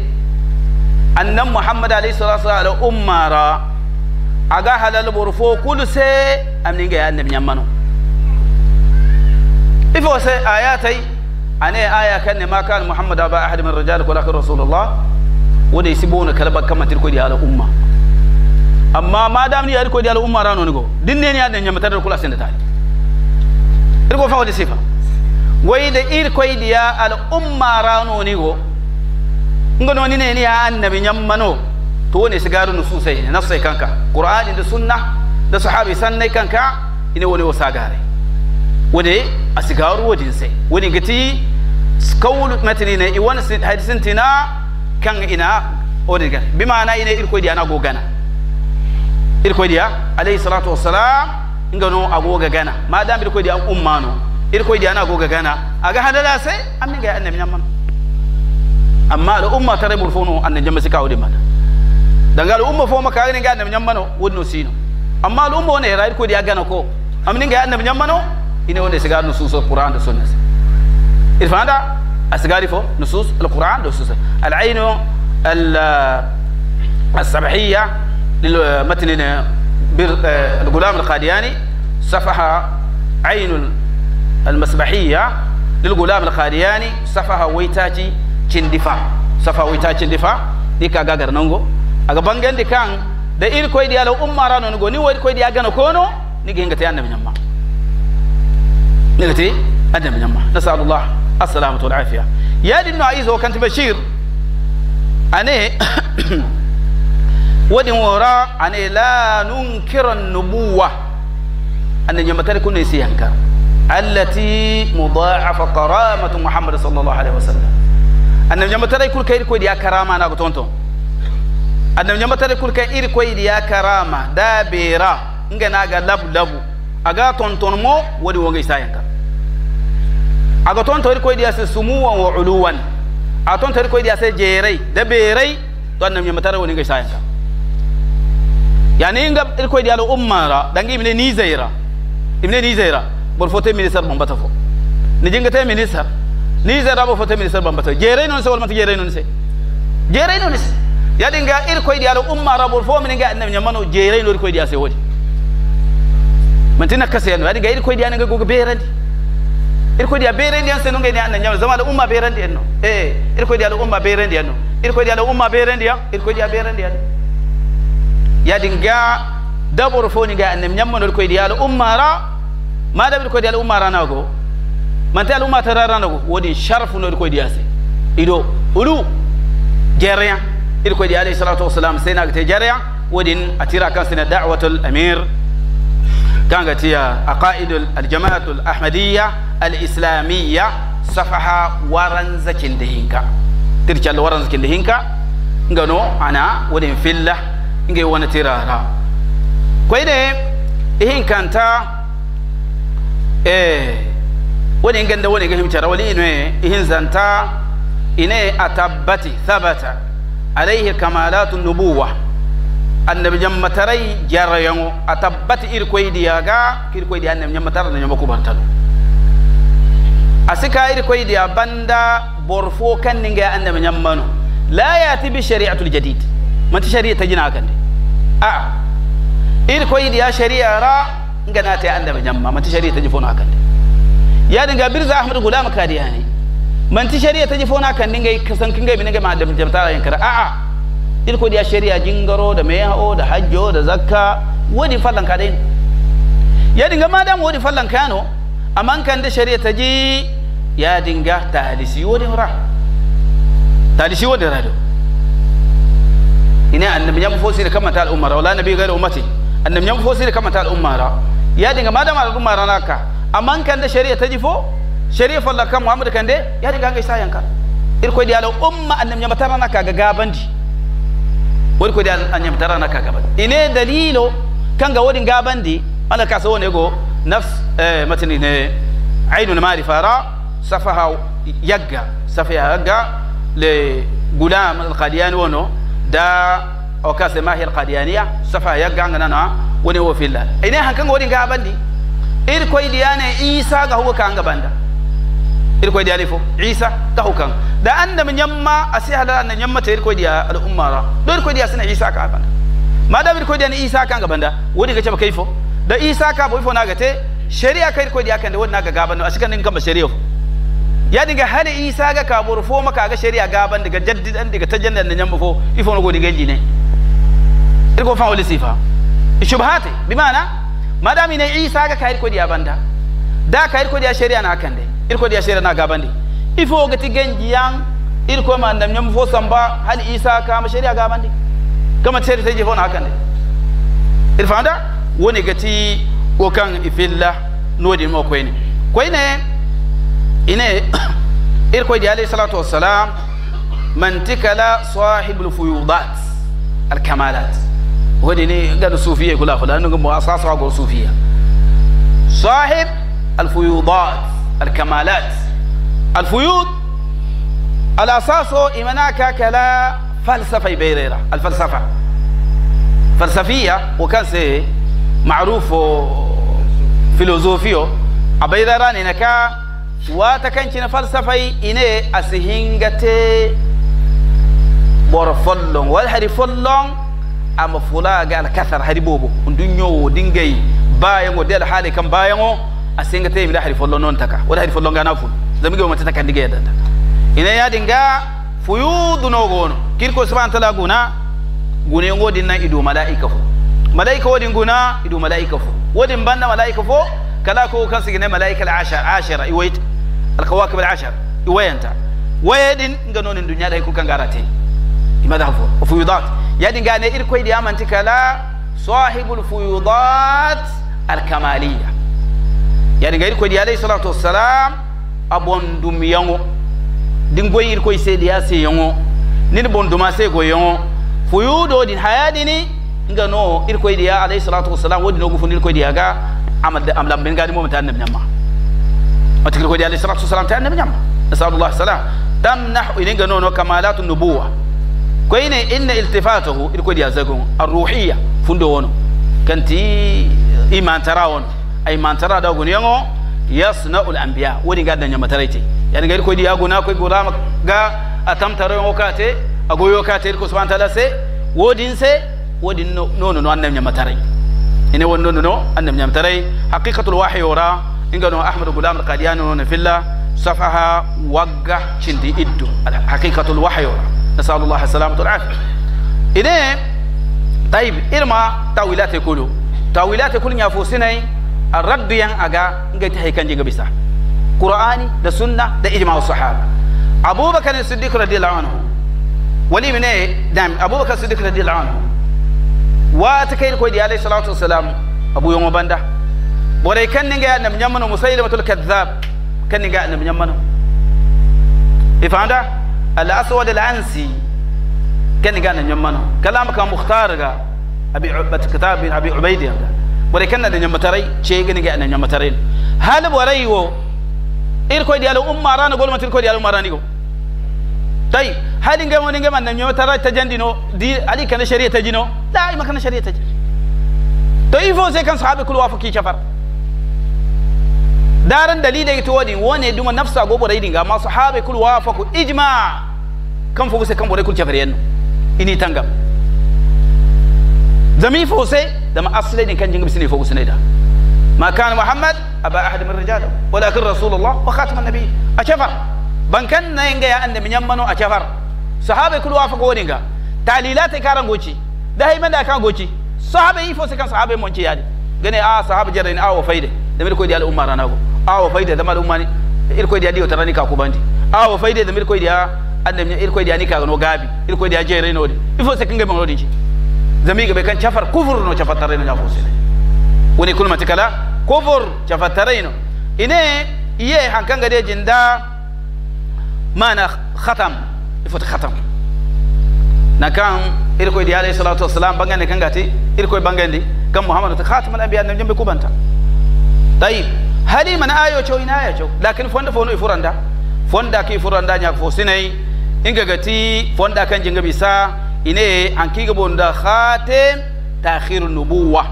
ان محمد عليه الصلاه والسلام امرا اغا حلال برفو كل سي أم امنينجي ان نيمانو ifo se ayatai أنا آية كان ما كان محمد أبا أحد من الرجال ولكن رسول الله وده يسبونه كلام كم تركوا دي على أمة أما ما دامني أركوا دي على أمة رانو نقول دينني هذا نجمة ترى كل سنة تاني أركوا فهو دي صفة ويد أركوا دي على أمة رانو نقول نقول نيني نيني أنا نبي نجمنو توني سجارو نصوصين نصي كانك قرآن السنة ده سنة كانك إنه ونوسا wani a sigaru wodin sai wani gati skawlu matini ne i wona hadisin tina kan ina odi bi ma'ana ina irko di ana gogana irko diya alayhi salatu wassalam ingano agoga gana ma irko di an ummano irko na ana agoga gana aga hadala sai amin ga annabi nyamman amma da umma tare murfono annabi jama'a sika wodi mana danga da umma fo maka ga annabi nyammano wodno sino amma da umma wona ira irko di gana ko amin ga annabi nyammano ina wonde siga nusus al-Quran da sunna irfanda asigari fo nusus alquran da sunna al-qadiani safaha الغلام al-masbahiyya lil gulam al-qadiani safaha ويتاتي cindifa صفحة ويتاتي cindifa dika gagar nango aga bangen di kan da il koy di ala umma ranon go ni wodi koy di agana kono ni gengata yanna minamma nirte adam nan ma na sallu Allah assalamu wa afiya ya dinno ayi zo kan tabashir ane wadin wara ane la nunkira nubuwa ane nyama tare kunne si yanka allati mudha'afa karamatu muhammad sallallahu alaihi wasallam ane nyama tare kul kayri ko diya karama na goton ton ane nyama tare kul kayri ko diya karama dabira ngena ga labu labu aga mo wodi wonge sayanka aga ton tori koyɗi ase sumuwan wa uluwan a ton tori koyɗi ase jeeray da beeray ɗo annam ñamatara woniga sayanka yani nga ɗir koyɗi ala ummara dangi imine nigeira imine nigeira bon fote ministére ɓambata fo ni jinga jingate ministére nigeira ɓo fote ministére ɓambata jeeray non se wal mata jeeray non se jeeray non se yadi nga ir koyɗi ala ummara bon fo mine nga annam ñamano jeeray noori koyɗi ase wodi mantina kaseno adi ga iri koyɗi anaga goga beerandi iri koyɗi a beerandi an seno gayni anna ñamre zama ala umma beerandi en no e iri koyɗi ala umma beerandi en no iri koyɗi ala umma beerandi an iri koyɗi a beerandi en yadi nga daɓoro fo ni ga annem ñammanol koyɗi ala umma ra ma ɗaɓiri koyɗi ala umma ranago mante ala umma tara ranago woodi sharfunol koyɗi ase iɗo ulu jereya iri koyɗi alayhi salatu wassalam seynagate jereya woodin atira kan sene dawatul amir kanga tiya aqaidul aljamaatul ahmadiyya alislamiyya safaha waran zakin da hinka tir cal waran zakin da hinka gano ana wadin filla ngai wana tirara koy ne ihin e kanta eh wani ganda wani gahim cara wani inuwe ihin e zanta ine a tabbati thabata alaihi kamalatun nubuwa annabi nyamma tarai jarra yango atabbat ir koydi yaga kir koydi annabi nyamma tarai na nyamma kubantano asika ir koydi abanda borfo kan ninga annabi nyamma no la yati bi shari'atul jadid man ti shari'a tajina kan a ir koydi ya shari'a ra ngana ta annabi nyamma man ti shari'a tajifona kan ya dinga birza ahmad gulam kadiyani man ti shari'a tajifona kan ninga kasan kinga mi ninga ma annabi nyamma tarai kan a'a il ko dia sharia jingaro da meha o da hajjo da zakka wodi fallan ka dai ya dinga madam wodi fallan ka no amman kan da sharia taji ya dinga tahdisi wodi ra tahdisi wodi ra do ina annabi fosi da kamata al al'umma wala nabi gairu ummati annabi fosi da kamata al al'umma ya dinga madam al'umma naka amman kan da sharia taji fo sharia fallan ka muhammad kan dai ya dinga ga sayanka il ko dia al'umma annabi yam taranaka ga gabandi woni kodi an ñamtarana kakabat ile dalilo kanga woni ngabandi ala kasa woni go nafs matani ne ainul marifa ra safaha yagga safaha yagga le gulam alqadiyani wono da o kase mahi alqadiyaniya safaha yagga nganana woni wo filla ine hankanga woni ngabandi ir koydiyane isa ga hugo kanga banda ir koy diya isa kahu kan da anda min yamma asi halala na yamma ta koy diya al ummara do ir koy asina sina isa ka banda madam ir koy diya ni isa kan ga banda wodi ga chaba kaifo da isa ka ifo na ga te shari'a kai koy diya kan da wodi naga gaban no asikan din ba shari'a ya diga hali isa ga bo fo maka ga shari'a gaban daga jaddidan daga tajannan na yamma fo ifo no godi ganji jine ir ko fa wali sifa shubhati bimana madam ne isa ga kai ir koy diya banda da ka ir koy diya shari'a na kan dai irko dia sere na gabandi ifo gati genji yang irko ma ndam nyam fo samba hal isa ka ma sharia gabandi kama sere teji fo na hakan de irfanda woni gati o kan ifilla di mo koyne koyne ine irko dia alayhi salatu wassalam man tikala sahibul fuyudat al kamalat woni ne ga da kula kula nungun mu asasa ga sufiya sahib al fuyudat الكمالات الفيوض الأساس إمناك كلا فلسفة بيريرة الفلسفة فلسفية وكان سي معروف فيلوزوفيو أبيريران إنك واتكنشن فلسفة إني أسهنغتي بورفلون والحرفلون ama fulaga ala kathar hari bobo ndunyo dingay bayango del hali kam bayango asenga tayi mila hari follo non taka wala hari follo ngana fun zamige o matata kandige yada taka ina ya dinga fuyudu no gono kirko subhanahu ta'ala guna gune ngodin na idu malaika fu malaika wodin guna idu malaika fu wodin banda malaika fu kala ko kan sigine malaika al-ashar ashara iwayt al-kawakib al-ashar iwayanta wayedin nganonin dunya dai ko kangarate imada fu fuyudat ya dinga ne irko idi amanti kala sahibul fuyudat al-kamaliyah yani ko koyɗi alayhi salatu wassalam abon dum yango ɗin goyir koye seeɗi ya se yango nin bon duma se go yango fuyuɗo ɗin hayaɗini nga no ir ko ya alayhi salatu wassalam woɗi nogu fundir koyɗi amad am ben gadi mom tan annabi ñamma o tikir koyɗi alayhi salatu wassalam ta annabi ñamma nasalullah salam tamnahu ininga no no kamalatu nubuwa koyne inna iltifatahu ir koyɗi ya zagongo arruhiya fundo wono kanti imantara wono ay mantara da guni yango yasna'ul anbiya wodi ga dan yamatare te yani ga ko di aguna ko gura ga atamtare yango kate agoyo kate ko subhanahu ta'ala se wodin se wodin no no no annam yamatare ene won no no annam yamatare haqiqatul wahyi wara inga no ahmad gulam al-qadiani no filla safaha wagga chindi iddu haqiqatul wahyi wara nasallu allah salamatu al-afiyah ine طيب إرما تاويلات كله تاويلات كل يا فوسيني الرد ين أجا نجت هي كان جيجا بيسا قرآني ده سنة ده إجماع الصحابة أبو بكر الصديق رضي الله عنه ولي من إيه دام أبو بكر الصديق رضي الله عنه واتكيل كويدي عليه الصلاة والسلام أبو يوم بنده بوري كان نجا نم يمنو مسيلمة الكذاب كان نجا نم يمنو إفهم ده الأسود العنسي كان نجا نم يمنو كلامك مختار أبي عبد كتاب أبي عبيد ولكن هذا نمتري شيء كنيجا أنا نمترين هل بوري هو إيركو ديالو أم ماران قول ما تيركو ديالو مارانيو طيب هل إنجا من إنجا من نمتري تجندينو دي علي كان شريعة تجينو لا ما كان شريعة تجي طيب هو زي كان صحابي كل وافقي شفر دارن دليل يتودي وانا دوما نفسه أقول بوري دينجا ما صحابي كل وافقوا إجماع كم فوق سكان بوري كل شفرين إني تنجم زمي فوسي دم أصله إن كان جنب سني فوسي نيدا ما كان محمد أبا أحد من رجاله ولكن رسول الله وخاتم النبي أشفر كان نينجا يا أند من يمنو أشفر صحابة كل وافق ونينجا تعليلات كارن غوتشي دائما دا كان غوتشي صحابة يفوسي كان صحابة منشي يادي gane a صحابة جرين a وفيدة دمير كويدي على koydi ناقو umma وفيدة a wa ah, faide da mal umma ni il koydi adi wata ranika ku bandi a wa faide da mil koydi a annam il koydi anika no gabi il koydi a zamiga be kan chafar kufur no chafatareno ñafusine woni kulmati kala kufur chafatareno ine iye hankanga de jinda mana khatam ifoti khatam na kan iri koye ɗi alayhi salatu wassalam bangande kan gati iri koye bangendi kam mouhamadou ta khatima al ambiya nam jombe kubanta tayib halima na ayo cow ina aya cow lakin fonda fono e furanda fonda ki furanda ñaka fo sinayi inga gati fonda kan jengaɓi sa ine an ankiga bonda khatim ta'khir nubuwa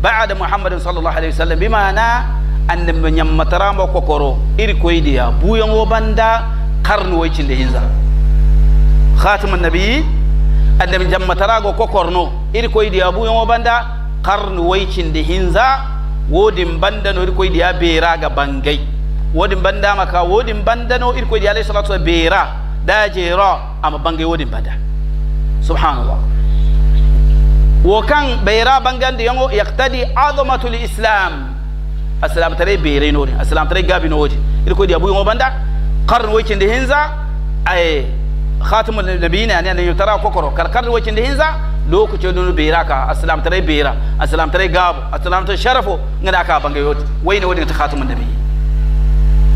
ba'da muhammadin sallallahu alaihi wasallam bimana annam nyammataramo kokoro ya koydiya buyango banda karnu way cinde hinza khatimun nabi annam nyammatarago kokorno ya koydiya buyango banda karnu way cinde hinza wodin banda no ya koydiya beraga bangai wodin banda maka wodin banda no iri koydiya alayhi salatu wa be ra. da jera ama bangai wodin banda subhanallah wo kan ɓeyra bangande yongo yaktadi adamatu l islam aslam tare ɓeere noori aslam tare gabinowoodi iɗa koyɗi abuyongo banda qarne woykinde hinsa aye khatimu nabiyina ani anayi tara kokoro kar qarne woykinde hinsa lokaci ɗum ɓeera ka aslam tare ɓeera aslam tare gaabo aslam tare sharafo ngana ka bange yooti wayne woɗi ngata khatimu nabiyin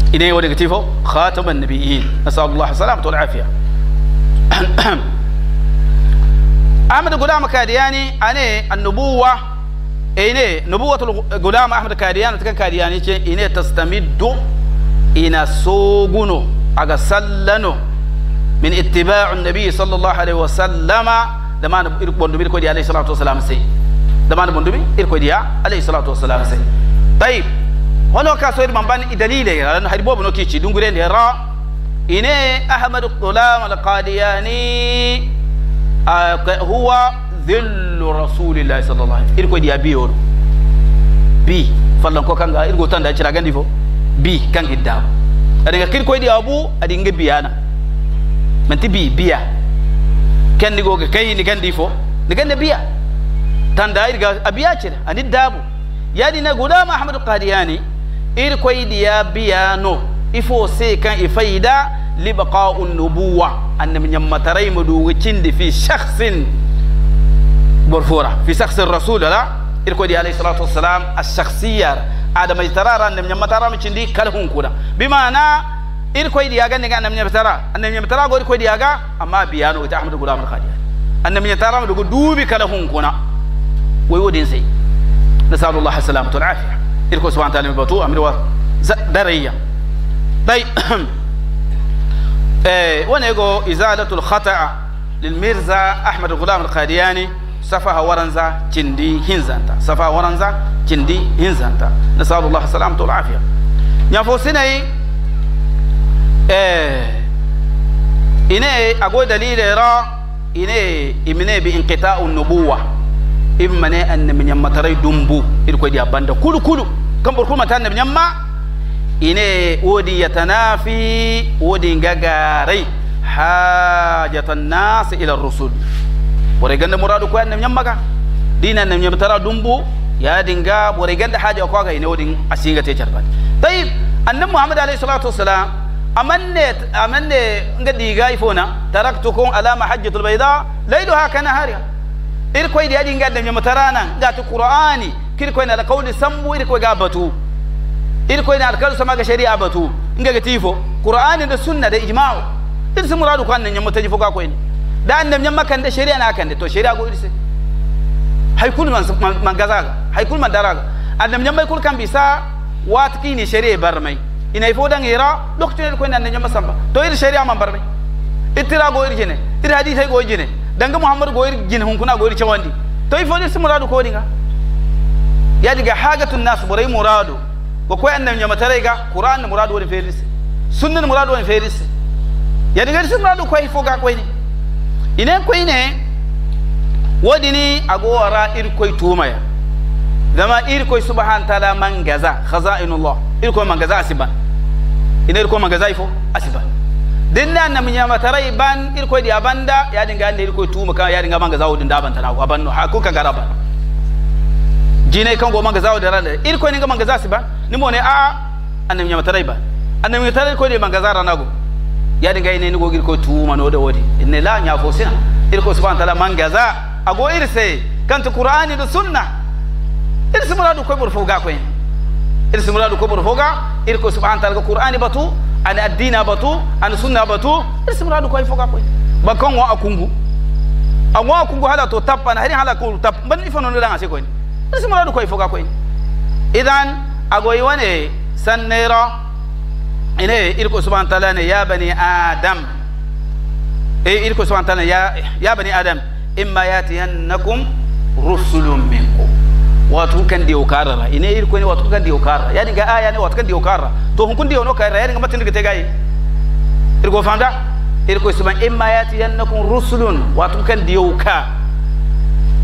إني ولقتيفه خاتم النبيين نسأل الله السلامة والعافية أحمد غلام كادياني أنا النبوة إني نبوة غلام أحمد كادياني تكن كادياني إني تستمد إن سوغنو أغا سلنو من اتباع النبي صلى الله عليه وسلم لما نبون دبي الكودي عليه الصلاة والسلام سي لما نبون دبي الكودي عليه الصلاة والسلام سي طيب هنا كاسوير من بان دليل لأن هربوا بنو كيشي دونغرين هراء إني أحمد غلام القادياني huwa dhillu rasulillahi sallallahu alaihi wasallam irko dia bi yoru bi fallan ko kanga irgo tan da cira fo bi kangi da adinga kirko dia abu adinga biyana manti bi biya kandi go kai ni kandi fo ni kandi biya tan da irga abiya cira ani dabu yadi na gudama ahmad qadiyani irko dia biyano ifo se kan ifaida لبقاء النبوة أن من يمتري مدوغتين في شخص برفورة في شخص الرسول لا إلكو دي عليه الصلاة والسلام الشخصية هذا ما يترى أن من يمترى مدوغتين كالهون كنا بمعنى ir koy diyaga ne ga namnya betara annamnya betara gori koy diyaga amma biyano ita ahmadu gulam al-khadiya annamnya tara mu dubi kala hun kuna wai wodin sai nasallu allah salamatu al-afiya ir ko subhanahu wa ta'ala batu amir wa darayya dai ونيغو إزالة الخطأ للميرزا أحمد الغلام القادياني سفها ورنزا تندي هنزانتا سفها ورنزا تندي هنزانتا نسأل الله السلامة والعافية نفوسنا إيه إني أقول دليل را إني إمني بإنقطاع النبوة إمني أن من يمتري دمبو إلكو دي أباندا كلو كلو كم بركو متان من يمّا ine wodi yatanafi wodi gagarai hajatan nas ila rusul bore ganda muradu ko annam nyammaga dina annam nyam tara dumbu ya dinga bore ganda haja ko ga ine wodi asinga te charbat tayib annam muhammad alayhi salatu wassalam amanne amanne ngadi gai fona taraktukum ala mahajjatul bayda laylaha kana hariha irkoy di adi ngadda nyam tarana ngatu qur'ani kirkoy na da qawli sambu irkoy gabatu irkoyne alkalu samaga sharia batu ngaga tifo qur'ani da sunna da ijma'u irsi muradu kan ne nyamma taji foga koyne da annam nyamma kan da sharia na kan da to sharia go irse hay kul man man gazaga hay kul man daraga annam nyamma kul kan bisa watki ni sharia barmai ina ifo dan ira doktor ko nan nyamma samba to ir sharia man barmai itira go irjine ir hadisi go irjine danga muhammad go irjine hun kuna go irce wandi to ifo irsi muradu ko dinga ya diga hajatun nas burai muradu bo koye annam ñamatarayga ga ne mourade muradu wani sunna ne mourade woni feerisi yani gadi sunna ɗum koye fof ga koyni inen koyne woodi ni ago wara iri koye tuumaya dama iri koye subahana taala man gaza hasainullah iri koye man gaza asiban ina iri koye man gazayi Din asiban dinne annam ñamataray ban iri koye ɗi abanda ya nga anne iri koye tuuma ka yaɗi nga man gaza wodi ndabantanako abanno ha kuka gara ban jine kan go manga zawo da ran il ko ne manga zasi ba ni mo a annabi nyama tarai ba annabi nyama tarai ko ne manga zara nago ya dinga ine ni go gir ko tuma no da wodi inna la nya fo sina il ko subhanahu taala manga za ago irse kan ta qur'ani da sunna irse muradu ko bur foga ko irse muradu ko bur foga il ko subhanahu taala qur'ani batu an addina batu an sunna batu irse muradu ko foga ko ba kan wa akungu agwa akungu hala to tappa na hari hala ko tap ban ifano no da ngase ko ni isi muradu koy foga koy idan agoyi wane san nero ine irko subhanahu ta'ala ne ya bani adam eh irko subhanahu ta'ala ya ya bani adam imma yatiyannakum rusulun minkum watu kan diyo karara ine irko ne watu kan diyo karara yani ga aya ne watu kan diyo karara to hun kun diyo no karara yani ga matin ga tegai irko fanda irko subhan imma yatiyannakum rusulun watu kan diyo ka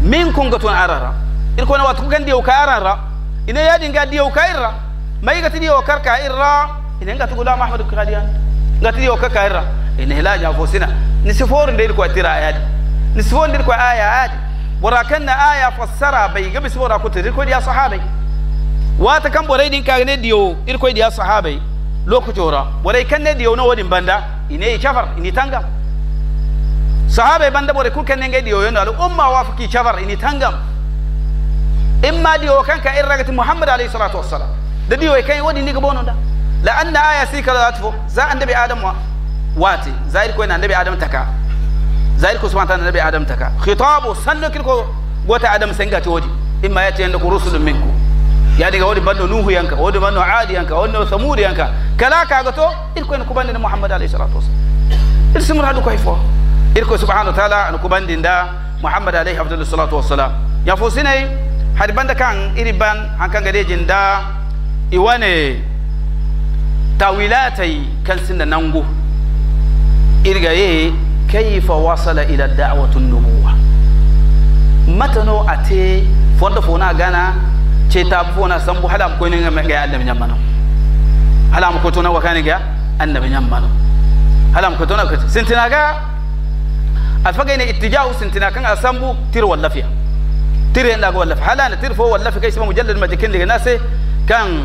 minkum gatun arara irkona wat kukan diyo karara ine yadi nga diyo kaira mai gati diyo karka irra ine nga tugu da mahmud kadiyan ngati diyo karka irra ine hilaja fosina ni sifor ndir ko tira ayadi ni sifor ndir ko aya ayadi bora kanna aya fassara bai gabi sibora ko tir ko diya sahabai wata kan borai din ka ne diyo irko diya sahabai lokacora borai kan ne diyo no wadin banda ine chafar ini tanga sahabai banda borai kukan ne diyo yono al umma wa fuki chafar ini tangam إما دي هو كان كأي رجعت محمد عليه الصلاة والسلام دي هو كان يودي نجبونه ده لأن آية سيك الله تفو زا النبي آدم واتي زاير كون النبي آدم تكا زاير كسبان تان النبي آدم تكا خطابه سنة كلكو قوت آدم سنجا تودي إما يأتي عندك رسل منكو يا دي قوي بنو نوح ينكا ودي بنو عاد ينكا ودي ثمود ينكا كلا كعوتو إلكو نكبان دين محمد عليه الصلاة والسلام إلسم رادو كيفو إلكو سبحانه وتعالى نكبان دين دا محمد عليه الصلاة والسلام يا فوسيني hadi banda kan iri ban kan gade jin da iwane tawilatai kan sin da nango irga ye kayfa wasala ila da'watun nubuwa matano ate fonda fona gana ce ta fona sambu halam ko ne ga gaya nyamano halam ko to na wakani ga annabi nyamano halam ko to na ko sintina ga afaga ne ittijau sintina kan asambu tir wallafiya تيري لا ولا في حالا تير فو ولا في كيس مجلد ما لناس كان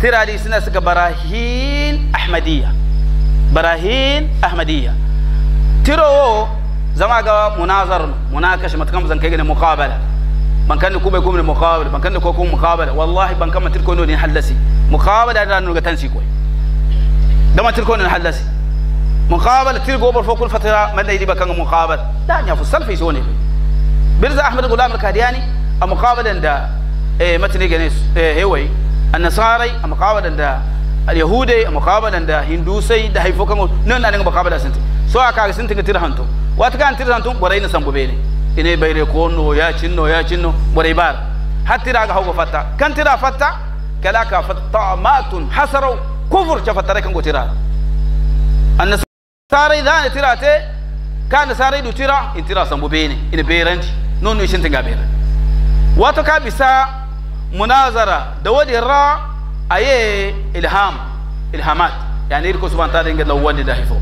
تير علي سناس براهين احمديه براهين احمديه تيرو زما غا مناظر مناقشه ما تكمل كيغن مقابله من كان يكون يكون مقابل من كان يكون مقابله والله من كان تلكو نون حلسي مقابله انا نلقى تنسي كوي دما تلكو نون حلسي مقابله تير بر فوق الفتره ما دايري بكان مقابل دانيا في سوني birza ahmad gulam al-kadiyani a muqabalan da eh matane gane su eh hewai annasarai a muqabalan da al-yahudai a muqabalan da hindusai da haifokan nan nan muqabala sun so aka sun tinga tirhanto wata kan tirhanto borai na sambu bele ine bayre ko no ya cinno ya cinno borai bar hatira ga hawo fatta kan tira fatta kala ka fattamatun hasarau kufur ta fattare kan gotira annasarai zan tira te kana sare du tira in tira sambu bene ina beranti non ne shin tinga bera wato ka bisa munazara da wadi ra aye ilham ilhamat yani irko subhanahu ta'ala inga lawwani da hifo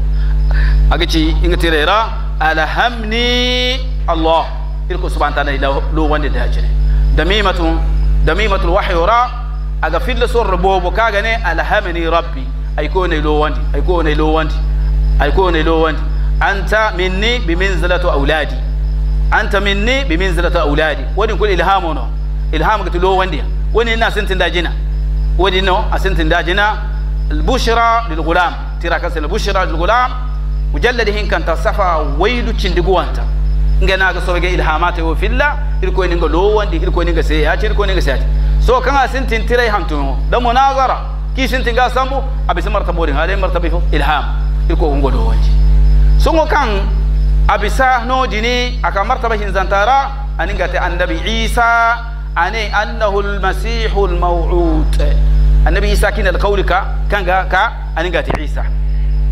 agaci inga tira ra alhamni allah irko subhanahu ta'ala ila lawwani da hajire damimatu damimatu wahyi ra aga fil sur bobo kaga ne alhamni rabbi ay ko ne lowandi ay ko ne lowandi ay ko ne lowandi أنت مني بمنزلة أولادي أنت مني بمنزلة أولادي ودي كل إلهامنا إلهام قتلوه وندي وني الناس أنت داجنا ودي نو أنت داجنا البشرى للغلام ترى كسر البشرى للغلام مجلد هين كان تصفى ويلو تشندقو أنت ngana ga so ga ilhamata wa filla irko ninga lo wandi irko ninga sai ya irko ninga sai so kan asin tin tirai hantu da munazara ki sin tin ga sambu abi sin martabo din hade martabi ilham irko ungo do wandi sungo kan abisa no jini aka martaba hin zantara aningate annabi isa ani annahu almasihu almaw'ud annabi isa kin alqawlika kan ga ka aningate isa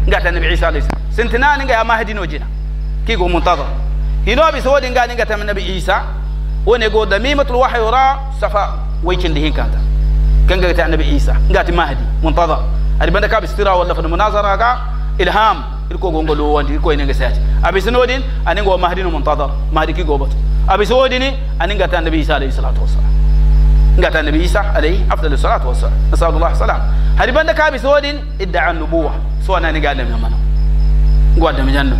ngate annabi isa alayhi salam sintina aninga ya mahdi no jina ki go muntazir hino abisa wodi nga aningate annabi isa wone go damimatul wahyi ra safa waykin dihin kanta kan ga ta annabi isa ngate mahdi muntazir ari banda ka bistira wala fa ilham ilko gongo lo wandi ko ene ngasati abisno wodin aninga wa mahdinu muntazar mahdi ki gobat abisno wodini aninga ta nabi isa alayhi salatu wassalam ngata nabi isa alayhi afdalus salatu wassalam nasallallahu salam hadi banda ka abisno wodin idda'a nubuwa so anani ga adam namana ngwa adam janno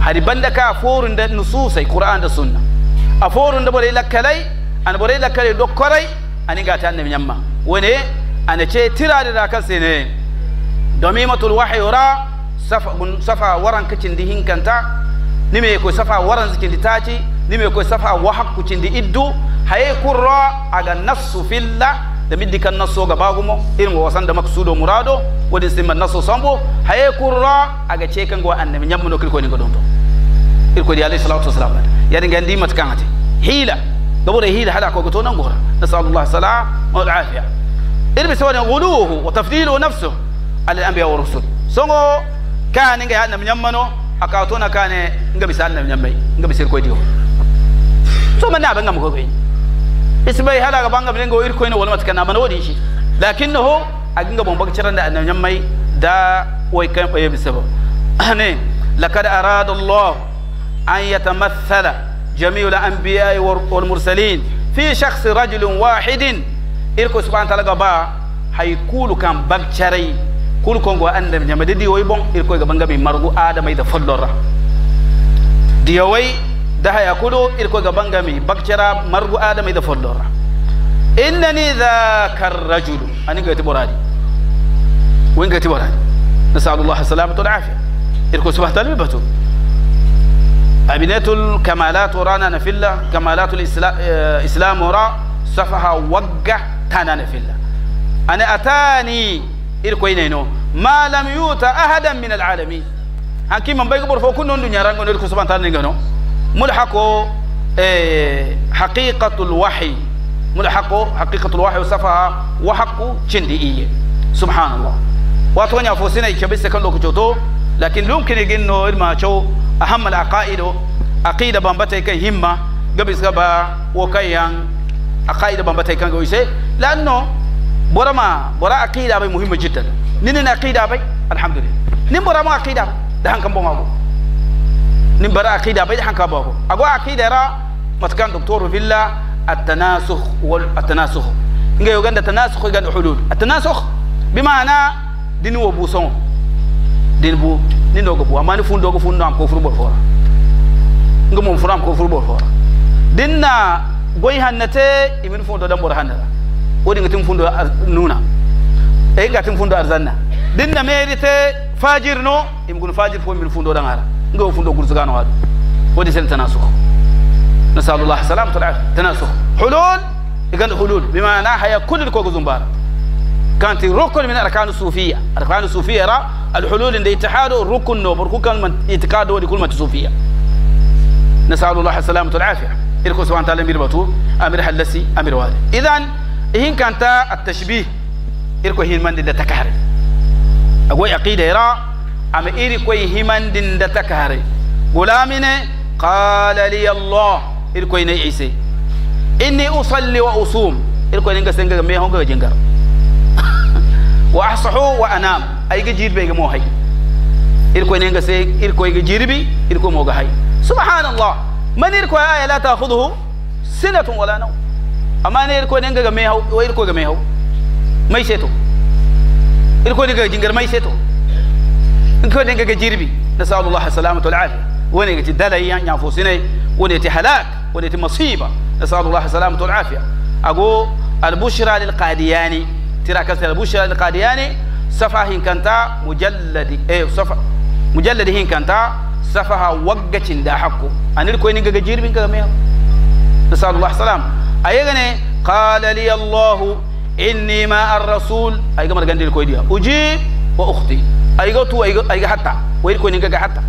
hadi banda ka forun da nususai qur'an da sunna a forun da bare lakalai an bare lakalai dokkorai aninga ta nabi nyamma wone ana ce tira da kan sai ne domin matul wahyi ra safa gun safa waran ka cindi hinkanta nime ko safa waran su cindi taci nime ko safa wahak ku cindi iddu haye kurra aga nassu filla da middi kan nasso ga bagumo irin wasan da maksudo murado wadin simma nasso sambo haye kurra aga ce kan go annabi nyammo no kirko ni ko donto irko di alayhi salatu wassalam yani gandi mat kan hati hila dabore hila hada ko goto nan gora nasallallahu salam wal afiya irbi sawani ghuluhu wa tafdilu nafsuhu al anbiya wa rusul songo كان نجا يادنا من يمنو أكاوتونا كان نجا بيسالنا من يمي نجا بيسير كوي ديو سو من نابن نمكو بين إسمعي هذا كبانغ بين غوير كوينو ولا ما تكنا من وديشي لكنه أجنغ بومبك ترند أن يمي دا ويكم بيبسبه أني لقد أراد الله أن يتمثل جميع الأنبياء والمرسلين في شخص رجل واحد إلكو سبحانه وتعالى هيقول كان بكتري kul kongo anda nyama dedi woy bon il koy gabanga bi margu adama ida follora diya way daha ya kudo il koy gabanga mi bakcara margu adama ida follora innani dhaka rajul ani gati boradi wen gati boradi نسأل الله السلامة والعافية إركو سبحة البتو أبنات الكمالات filla kamalatul كمالات الإسلام وراء صفحة وقع تانا نفلة أنا أتاني إلكوينينو ما لم يوت أحدا من العالمين هنكي من بيقبر فوكون نون دنيا رانغون إلكو سبحانه تعالى نيغانو ملحقو إيه حقيقة الوحي ملحقو حقيقة الوحي وصفها وحقو تشندئية سبحان الله واتوني أفوسينا يكبس كان لوكو جوتو لكن يمكن يجنو إلما شو أهم العقائد عقيدة بامبتة كان همة قبل سبا وكيان عقائد بامبتة كان قويسة لأنه برا ما برا عقيدة بي مهمة جدا نين عقيدة بي الحمد لله نين برا عقيدة ده هنكم بعو نين برا عقيدة بي ده هنكم بعو أقوى عقيدة را متكان دكتور فيلا التناسخ والتناسخ إن نجا وجد التناسخ وجد حلول التناسخ بمعنى دين وبوسون دين بو نين دوغو بو أما نفون دوغو فون نام كفر بور فورا نجا مم فرام كفر بور فورا غوي هنتي يمين فون دام بور هنتي wodi ngatim fundo nuna e ngatim fundo arzanna dinna merite fajir no imgun fajir fo min fundo dangara ngo fundo gursugano wadu wodi sen tanasukh نسأل الله السلام والعافية تناسخ حلول يقال حلول بما ناحى كل الكوكو زنبارة كانت ركن من أركان الصوفية أركان الصوفية را الحلول عند اتحاد الركن نوبر كان من اعتقاد ودي كل ما تصوفية نسأل الله السلامة والعافية إلكو سبحانه وتعالى أمير بطول أمير حلسي أمير وادي اذا إن كانت التشبيه إركو هيمان دين دتكهري أقول عقيدة يرى أما إركو هيمان دين دتكهري غلامين قال لي الله إركو إني عيسي إني أصلي وأصوم إركو سنجر مي هونك جنجر وأحصحو وأنام أي جير بيجي موهي إركو إني جنجر إركو جير بي إركو موجهي سبحان الله من إركو آية لا تأخذه سنة ولا نوم amma ne irko dinga ga mai hau wai irko ga mai hau mai seto irko dinga ga jingar mai seto irko dinga ga jirbi na sa'adu Allah salamatu al'afi wani ga ci dalai yan yafo sine wani ti halak wani ti masiba na sa'adu Allah salamatu al'afi ago al-bushra lil qadiyani tira kasta al-bushra lil qadiyani safa hinkanta mujalladi eh safa mujalladi hinkanta safaha waggacin da hakko anir ko ni ga jirbi ga mai hau na sa'adu Allah salamatu أيغني قال لي الله إني ما الرسول أيغا مرغان دي الكويديا أجيب وأختي أيغا تو أيغا حتى وير ويركو نيغا حتى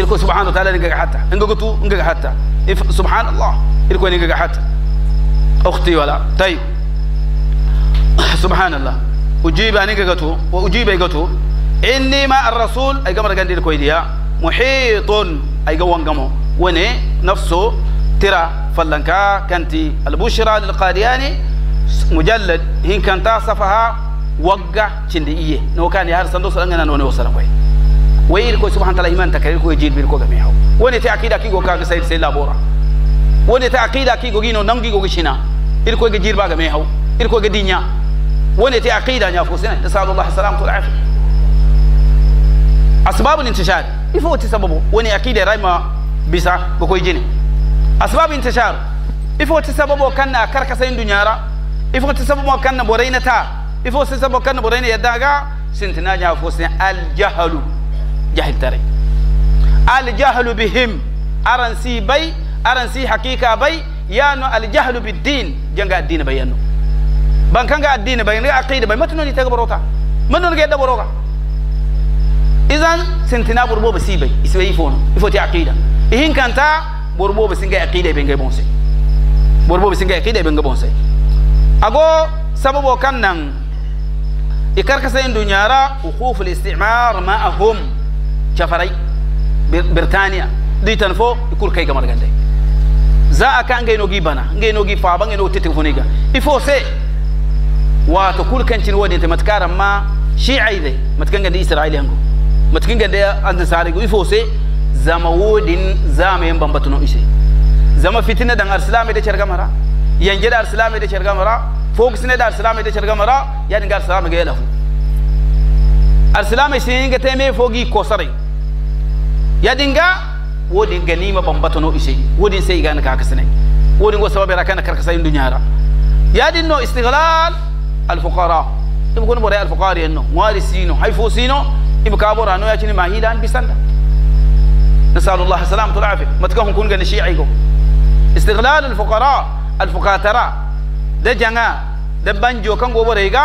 إلكو سبحانه وتعالى نيغا حتى إنغا تو نيغا حتى سبحان الله إلكو نيغا حتى أختي ولا طيب سبحان الله أجيب أنيغا تو وأجيب أيغا تو إني ما الرسول أيغا مرغان دي الكويديا محيط أيغا وانغمو وني نفسه ترى فلنكا كنتي البشرى للقادياني مجلد هين كانت صفها وقع تندئيه نو كان يهار صندوق سلنغنا نو وصل كوي وير كو سبحان الله إيمان تكرير كو جيل بير كو جميعه وني تأكيد أكيد كاك سيد سيد لابورا وني تأكيد أكيد جينو نمجي كو جشنا إير كو يجير باga جميعه إير كو جدينيا وني تأكيد أن يفوسنا نسأل الله السلامة والعافية أسباب الانتشار يفوت سببه وني أكيد رايما بيسا بكو يجيني asbab intishar ifo ta sababo kanna karkasa in dunyara ifo ti sababo kanna boraina ta ifo ti sababo kanna boraina yadaga sintina nya fo sin al jahlu jahil tare al jahlu bihim aran si bai aran si hakika bai yano al jahlu bid din janga addini bayano ban kanga addini bayan ga aqida bai matuno ni ta borota matuno ga da boroga izan sintina burbo basi bai isbai ifo ifo ti aqida ihin kanta borbo be singa aqida be ngai bonse borbo be singa aqida be ngai bonse ago sababu kan nan ikar kasa in dunyara ukhuf al-istimar ma'ahum chafarai birtaniya di tanfo ikur kai kamar gande za a kan ngai nogi bana ngai nogi faba ngai nogi titin funiga ifo se wato kul kancin wadi ta matkaran ma shi'ai dai matkan gande isra'ila hango matkan gande an da sare ifo se zama wudin zama yin bambatu no ise zama fitina dan arsilame da chargamara yanje da arsilame da chargamara focus ne da arsilame da chargamara ya dinga arsilame ga yalahu arsilame sin ga teme fogi kosare ya dinga wodin ganima bambatu no ise wodin sai igana ka kasane wodin go sababe rakana karkasa yin dunyara ya dinno istighlal al fuqara ibkun bore al fuqari enno warisi no hayfusino ibka bora no ya chini mahidan bisanda نسأل الله السلامة والعافية ما تكون كون قال شيعيكو استغلال الفقراء الفقراء ترى ده جنا ده بانجو كان غو بريغا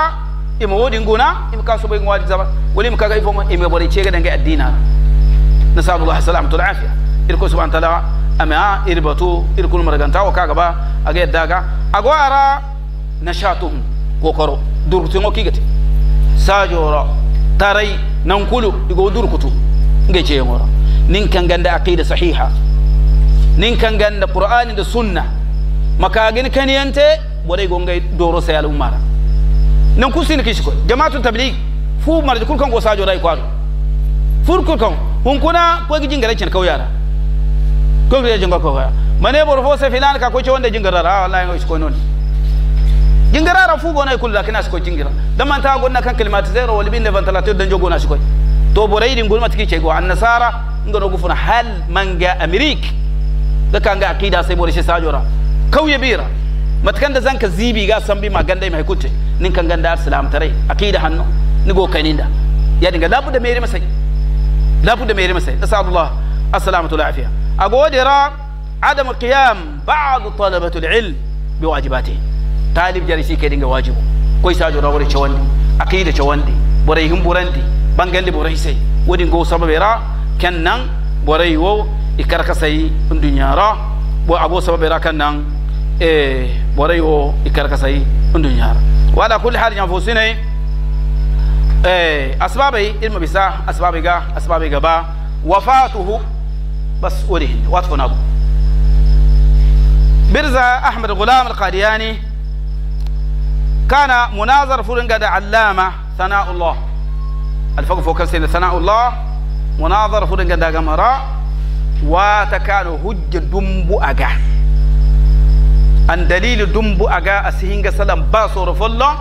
إما ودين غونا إما كاسو بين وادي زبا ولي إما كاكا يفهم إما بري تشيغا دنجا الدينار نسأل الله السلامة والعافية إلكو سبحان وتعالى أما إربطو إلكو المرغانتا وكاكا با أغير داغا أغوارا نشاطهم وكرو دورتين وكيغتي ساجورا تاري ننكلو يقول دوركتو نجي جيمورا nin kan ganda aqida sahiha nin kan ganda qur'ani da sunna maka makagin kaniyante borai gongai doro sai umara nan kusin ko jama'atu tabligh fu marji kulkan go sajo dai kwaro kan hun kuna ko gijin gare cin kauyara ko gijin jinga ko ya mane bor fo sai filan ka ko ce wanda jinga rara ah, wallahi ngai ko non jinga rara fu gona kullu lakina su ko jingira dan man ta gonna kan kalimatu zero wal bin 20 dan jogo na su ko do borai din gulma tiki chego an nasara ngano gufuna hal manga amerik da kanga akida sai bore shi sajora kauye bira matkan da zanka zibi ga sambi maganda mai kutte nin kan ganda islam tare akida hanno ni go kaninda ya dinga labu da mere masai labu da mere masai nasallallahu assalamatu lafiya agodira adam qiyam ba'd talabatu alilm biwajibatihi talib jari shi ke dinga wajibu koi sajora wore chawandi akida chawandi bore himburandi bangalle borai sey woni ngo sababera ken nan borai wo i karaka sey bo abo sababera ken nan e borai wo i karaka sey nduñara wala kul hal yan fusine sinay e asbabay ilma bisa asbabe ga asbabe ga ba wafatuhu بس ورهن واتفون أبو برزا أحمد غلام القادياني كان مناظر فرنقة علامة ثناء الله الفوق فوق سين ثناء الله مناظر فودن قد أجمرا وتكانوا هج دمبو أجا أن دليل دمبو أجا أسهنجا سلام باصور فلا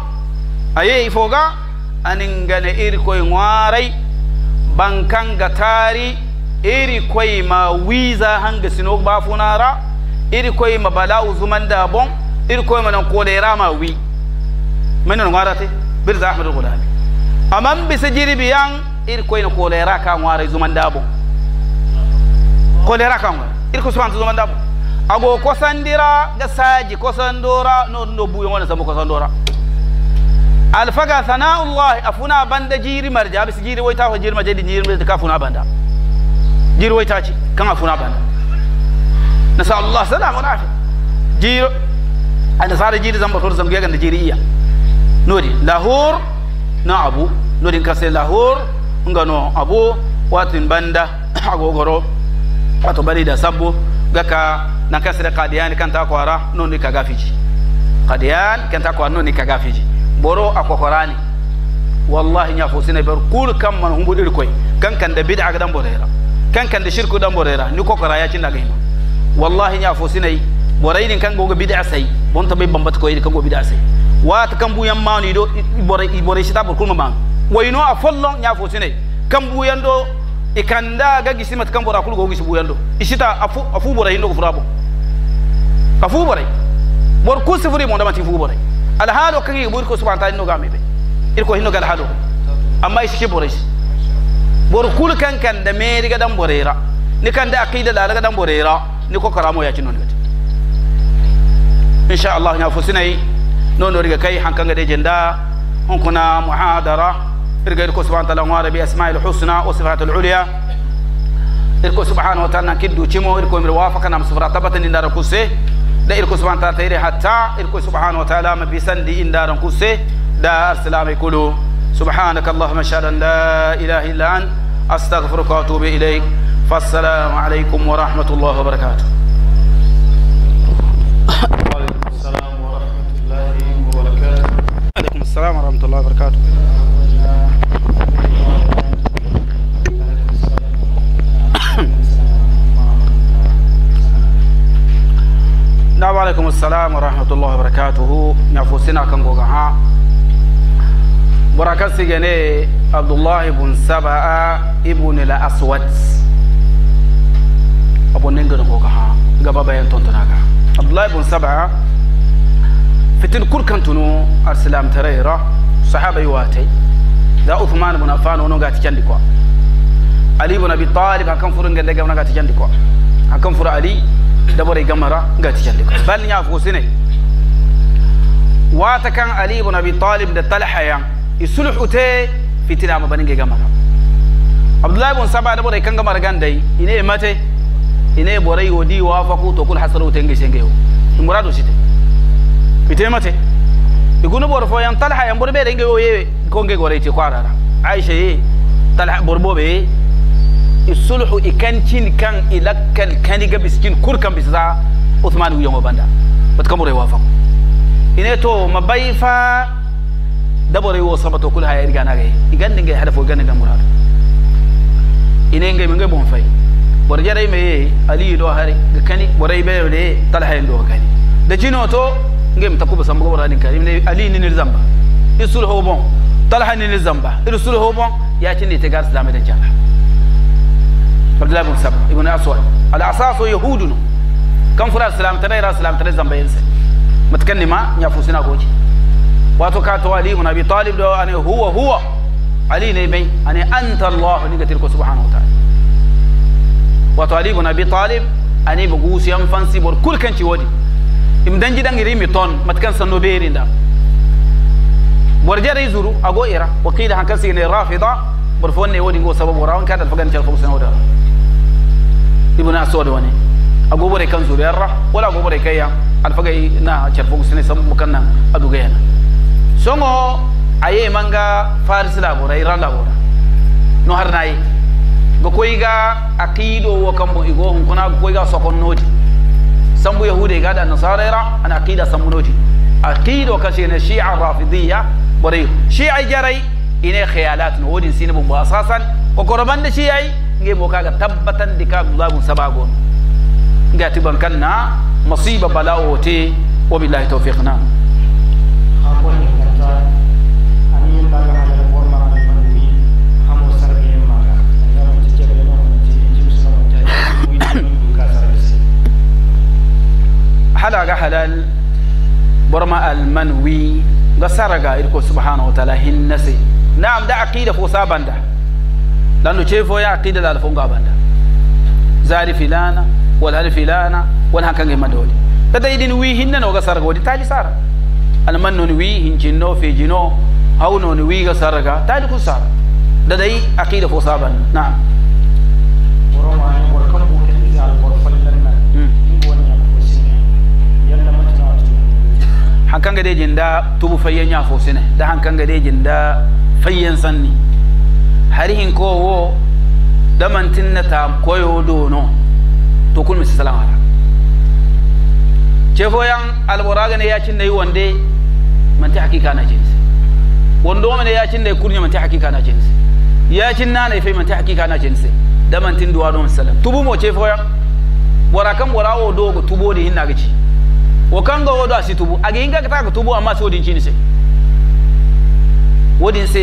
أيه فوقا أنجنا إيركوي واري بانكان قتاري إيركوي ما ويزا هنج سنوك بافونارا إيركوي ما بلاو زمان دابون إيركوي ما نقول إراما وي من نغارتي برز أحمد الغلامي amman bisa jiribiyan ir koyna kolera ka ngware zuman dabo kolera ka ngware ir ko suman zuman dabo ago kosandira ga saji kosandora no no buyo wona samu kosandora alfaga sana'ullahi afuna banda jiri marja bisa jiri wai ta ho jiri marja di jiri marja ka funa banda jiri wai ta ci kan afuna banda nasa Allah salamu wa jiri jiro a nasara jiri zamba tor zamba gagan da jiri iya nodi lahur na abu nodin kase lahor ngano abu watin banda agogoro wato bari da sabbo gaka na da kadiyan kan ta kwara non ni kaga fiji qadiyan kan ta kwara non ni kaga fiji boro akwakorani wallahi nya fo sine bar kul kam man humbu dir koy kan kan da bid'a ga dan borera kan kan da shirku dan borera ni kokora ya cin daga hima wallahi nya fo sine boraydin kan goga bid'a sai bon ta bambat koy kan go bid'a sai wata kambu yan mawni do ibore ibore sita bor kulma bang wayno a follo nya fo sine kambu yan do ikanda ga gisimat kambu ra kulgo gisibu yan do isita afu afu bore hindo ko furabo afu bore bor ku sifuri mo damati fu bore al halo kan yi bor ko subhanahu ta'ala no gambe irko hinno gal halo amma ishi bore shi bor kul kan kan da meri ga dan borera ni kan da aqida da ga dan borera ni ko karamo ya cinon insha Allah nya fo sine نونو ريغا كاي حنكا دي جندا هنكنا محاضرة ريغا يركو سبحانه وتعالى وارا بأسماء الحسنى وصفات العليا يركو سبحانه وتعالى كدو تشمو يركو مر وافقنا مصفرة تبتن إن دارن كوسي دا يركو سبحان الله تيري حتى يركو سبحان وتعالى ما بيسن دي إن دارن كوسي دا أرسلام يقولوا سبحانك اللهم أشهد أن لا إله إلا أنت أستغفرك وأتوب إليك فالسلام عليكم ورحمة الله وبركاته السلام ورحمة الله وبركاته نعم عليكم السلام ورحمة الله وبركاته نفوسنا كم قوغها بركة جني عبد الله بن سبعة ابن الأسود أبو نينجر قوغها قبابا ينتون عبد الله بن سبعة fitin kurkantunu arsilam tarayra sahaba yuwatay da uthman ibn affan wono gati candi ko ali ibn abi talib akan furu ngelle gam gati candi ko akan furu ali dabore gamara gati candi ko bal nya fu sine wata kan ali ibn abi talib da talha ya isulhu te fitina ma baninge gamara abdullahi ibn saba dabore kan gamara gandai ine mate ine borai wodi wa faku to kul hasaru tenge senge yo muradu site itemate igunu bor fo yan talha yan bor be renge o yewe konge gore ti kwarara aisha ye talha bor bobe isulhu ikancin kan ilakkal kaniga biskin kurkan bisza uthman wiyo banda bat kamure wafa ine to mabai fa dabore wo sabato kul hayar gana ga igan dinga hadafo gana ga murad ine ngai mengai bon fai bor jarai me ali do hare ga kani borai be le talha ndo kani da jino to ngem ta kubasa wara ni karim ne ali ni nizamba isul ho bon talha ni nizamba isul ho bon ya ci ni gar islam da jalla fadla ibn sab ibn aswad al asas yahudun kam fura salam ta ra salam ta zamba yense matkanni ma nya fusina goji wato ka to ali ibn abi talib do ane huwa huwa ali ne mai ane anta allah ni gatir ko subhanahu wa ta'ala wato ali ibn abi talib ane bugu siyan fansi bor kulkanci wodi im jidan iri mi ton matkan sanno berinda borjere zuru ago ira wa qila hankan sine rafida bor fonne wodi go sababu rawan kadal fagan cel khumsan wada ibn asod wani ago bore kan zuru yarra wala ago bore kayya alfagai na cal khumsan sam mukanna adu yana songo aye manga faris la bora ira la bora no har nayi go koyga aqido wo kambo igo hun kuna go koyga sokon nodi sambu yahude gaɗa nasarera an aqida sammunoji aqido kasene shi'a rafidiya ɓoreyo shi'a jaray ine heyalat no woodin sine bumbo asasan o korobande shiyay ngemo kaga tabbatande ka abdoullah bum sabagon nga tiban kanna masiba bala o te wabillahi tawfiq nam halaga halal برما المنوي غسرغا إلكو سبحانه وتعالى هنسي نعم ده عقيدة فوسا بندا لأنه شايفه يا عقيدة لا لفونغا بندا زاري فلانا والهل فلانا والهكان مدولي لدى يدين وي هنن وغسرغا ودي تالي سارة المنون وي هنجنو في جنو أو نون وي غسرغا تالي كو سارة لدى عقيدة فوسا نعم ورمى gade jin da tubu fayyan ya ne da gade jin da fayyan sanni har hin ko wo da mantin na ta koyo dono to kun misi salam ta ce foyan alburaga ne ya cin da yi wande manti hakika na jinsi wando ne ya cin da yi kurnya manti hakika na jinsi ya cin na ne fai manti hakika na jinsi da mantin duwa don salam tubu mo ce foyan warakan warawo dogo tubo da hin na gaci wakanga wodo asitubu agihinga akataka kutubu amasi wodi nchini se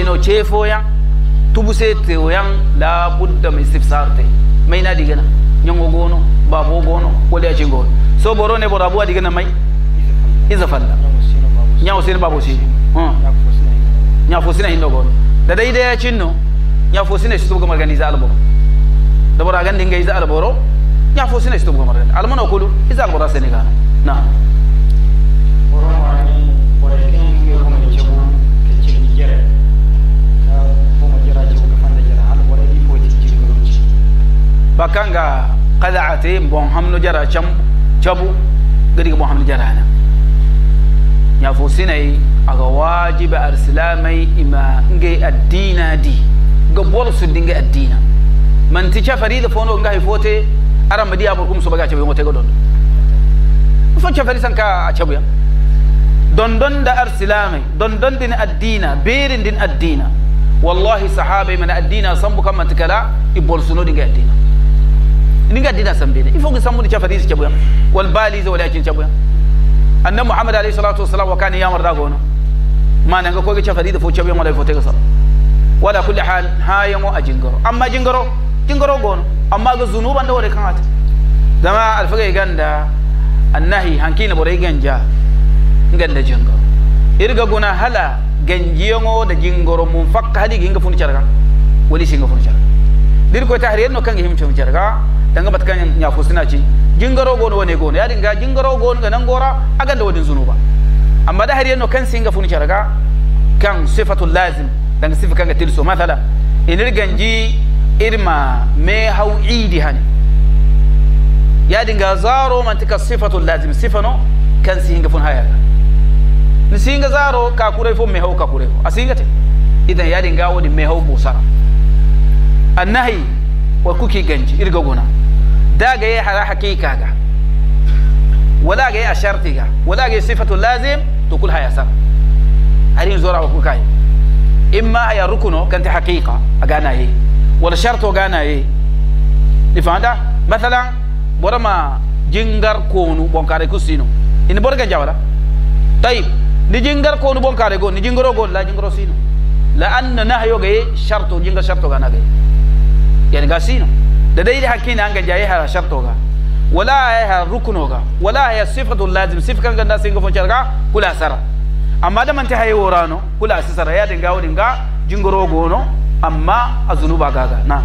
no chefo ya tubu se teoyan labudda min istifsarte mai na digena nyongo gono babo gono wali aci gono so boro ne boro abuwa digana mai iza falla nyawo sino babo sino nyawo fosina hindo gono da dai da cinno nyawo fosina shi tubu gamar gani za alboro da boro agan iza alboro nyawo fosina shi tubu gamar gani almana kulu iza alboro senegal na bakanga qadacate bon hamno jara cam cabu gadi bon hamno jarana nya fo sinai aga wajiba arsilamai ima nge addina di ga bol su dinga addina man ti cha farida fo no ngai fote ara madi abur kum so baga cabu ngote godon fo cha farisan ka cabu ya don don da arsilamai don don din addina berin din addina wallahi sahabai mana addina san bukan matakala ibol suno dinga addina ninga dida sambene ifo gisamuni cha fadisi cha buya wal balize wala cin cha buya annabi muhammad alayhi salatu wassalam wa kana yamar da gono mana ga ko ga cha fadida fo cha buya wala fo tega sala wala kulli hal hayamu ajingaro amma jingaro jingaro gono amma ga zunuban da wore kan ata dama alfaga ganda annahi hankina bore ganja ganda jingaro irga guna hala ganjiyango da jingoro mun fakka hadi ginga funi charga wali singa funi charga dir ko tahrir no kanga himtum charga danga batkan kan nya fusina ci jingaro gon wane gon ya dinga jingaro gon ga nan gora aga da wadin zunuba amma da har yanno kan singa funi sharaga kan sifatu lazim danga sifa kan ga tilso mathala inir ganji irma me hau idi hani ya dinga zaro tika sifatu lazim sifano kan singa fun haya ni singa zaro ka kurai fo me hau ka kurai a singa te idan ya dinga wani me hau busara annahi wa kuki ganji irga gona داقة إيه حرا حقيقة ولا جاي أشرتك ولا جاي صفة لازم تقولها يا سر هرين زورا وكوكاي إما هي ركنه كانت حقيقة أجانا هي إيه. ولا شرط أجانا هي إيه. نفهم مثلا برما جنجر كونو بونكاري كوسينو إن برجع جوالا طيب نجنجر كونو بونكاري كون نجنجرو كون لا جنجرو سينو لأن نهيو جاي شرط جنجر شرط أجانا جاي يعني قاسينو da dai hakina an gaja ya shartoga wala ya rukunoga wala ya sifatu lazim sifkan ganda sai gafon charga kula sara amma da man ta hayi worano kula sara ya dinga wudin ga jingoro gono amma a zunuba gaga na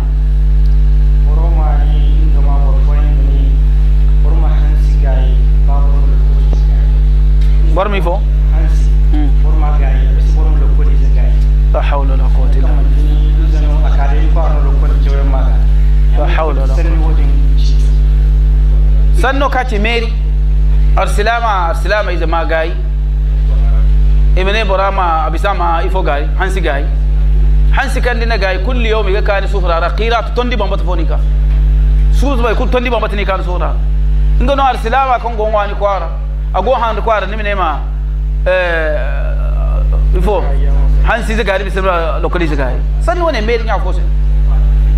bar mi fo لا حول ولا قوة إلا بالله la hawla wala sanno kati meri arsilama arsilama iza ma gayi imene borama abisama ifo gayi hansi gayi hansi kandina gayi kulli yawmi ga kani sufrara qiratu tondi bambata fonika suuz bay kul tondi bambata ni kan sufrara ngono arsilama kon gongwani kwara ago handu kwara nimene ma eh ifo hansi zaga ribi sirra lokali zaga sanno ne meri nya ko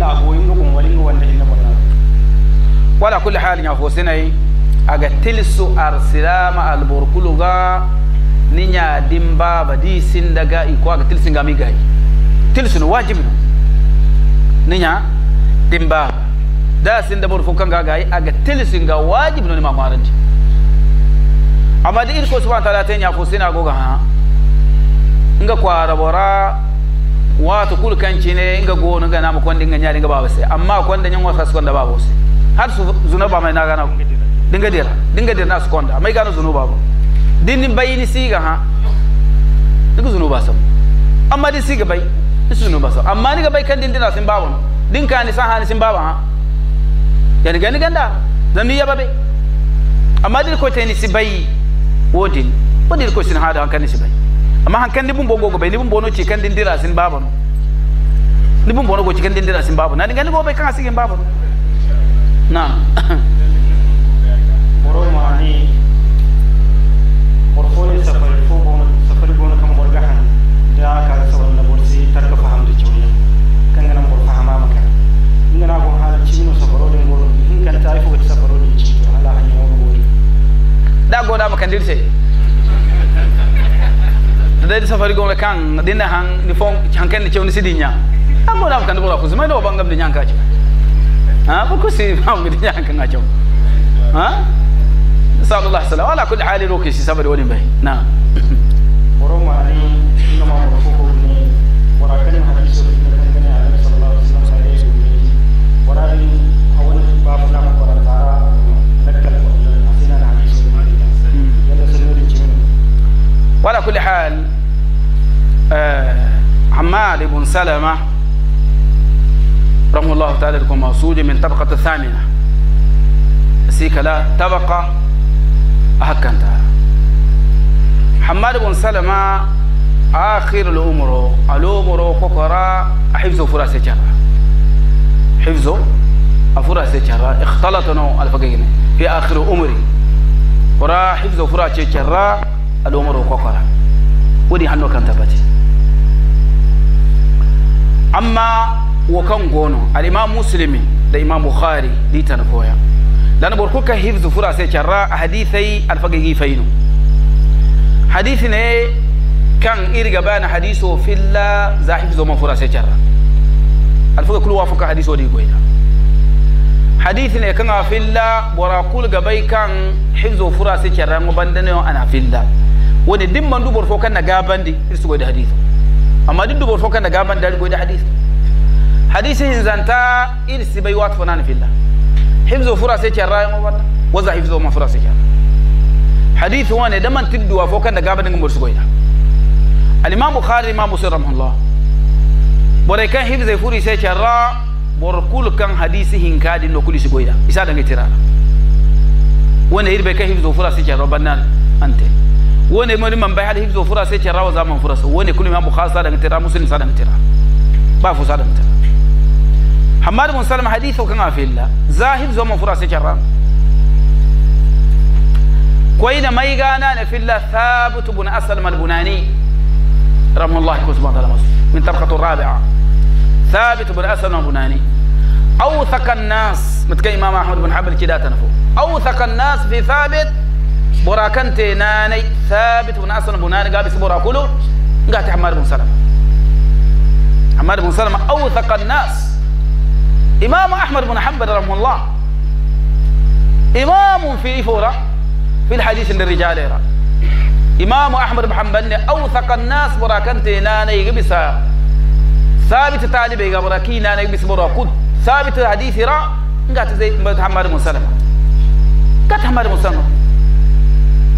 illa a yimno kum wali ngo wanda illa na wala kulli halin ya na yi fosinai aga tilsu arsilama alburkuluga ninya di sin daga iko a ga aga tilsin gami gai tilsun wajibi ninya ba da sin da bor fukan ga gayi a ga tilsin ga wajibi ne ni ma maranti amma da irko su ba ta da ta yi ya fosina na goga ha nga kwa rabora wato kul ne inga gonu na nama konde inga nyaari inga baba se amma konde nyen wasa skonda baba se har su zuna ba mai naga na dinga dira dinga dira su konda mai gano zunu baba dinni bayini siga ha dinga zunu ba sam amma din siga bai din zunu ba sam amma ni ga bai kan din dina sin baba din ka ni ha ni sin baba ha ya diga ni ganda dan ni ya babe amma din ko tani si bai wodin wodin ko sin ha da kan si bai amma hankali ni hankan nibun bogo go be nibun bono ci kan din dira sin babu ni bun bono go ci kan din dira sin babu na ni gani go bai kan asigin babu na boro mani boro fole safari fo bono safari bono kan bor han da ka sawon wannan bor si ka faham da ciwo kan ngana bor fahama maka na go hal ci no safaro din boro in kan ta ifo safaro din ci ciwo ala hanyo go da go da maka dirse dari safari gong lekang dinda hang ni fong hangken ni chewni sidinya ambo dam kan bola khuzma do bangam di nyangka cha ha bu kusi bang di nyangka na chaw ha sallallahu alaihi wasallam ala kulli hali roki si safari woni bay na boroma ni no ma mo ko ko ni wara kan hadis so ni kan kan ala sallallahu alaihi wasallam sai so ni wara ni hawan ba ba na ko ra tara nakkal ko ni asina na hadis so ni wala kulli hali آه، عمار بن سلمة رحمه الله تعالى لكم موصول من طبقة الثامنة سيك لا طبقة أهكنت حمار بن سلمة آخر الأمر الأمر كقرا حفظ فراس جرى حفظ أفراس جرى اختلطنا الفقين في آخر أمري قرا حفظ فراس جرى الأمر كقرا ودي حنو كان تبتي amma wa kan gono al imam muslimi da imam bukhari di tan foya dan bor kuka hifzu fura sai charra hadithai al fainu hadithi ne kan irga bana hadiso filla za hifzo man fura sai charra al fuka kulwa fuka hadiso di goya hadithi ne kan filla bora kul gabai kan hifzu fura sai charra mo bandane ana filla wani dimman dubor fo kan na gabandi irsu goda hadithu amma din dubor fokan daga ban dari goyi hadis hadisi hin zanta il sibai wat funan fillah hifzo fura sai ce rayan wannan waza hifzo ma fura sai ce hadisi wane da man tidduwa fokan daga ban ngumur su goyi al imam bukhari imam muslim rahimahullah bore kan hifzo furi sai ce ra bor kul kan hadisi hin kadi no kuli su goyi isa da ngitirana wanda irbe kan hifzo fura sai ce ra bannan ante wone mo limam bay hada hifzo furase sai ce rawa zaman furase wone kullu imam bukhari sa da tira muslim sa da tira ba fu sa da tira hamad bin salam hadithu kan afilla za hifzo man furase sai ce ran koyna mai gana na filla thabit bin aslam al-bunani rahmatullahi wa subhanahu min tabqatu rabi'a ثابت بن اسد البناني اوثق الناس متكلم امام احمد بن حنبل كده تنفو اوثق الناس في ثابت borakante nanai thabit bun aslam bunani gabi borakulu ngati hamad bun salama hamad bun salama awthaqa an-nas imam ahmad bun hanbal rahimahullah imam fi fura في الحديث للرجال يرى إمام أحمد بن حنبل أوثق الناس براكنتي نانا يقبسا ثابت طالب يقبركي نانا يقبس براكود ثابت الحديث يرى قالت زي محمد بن سلمة قالت محمد بن سلمة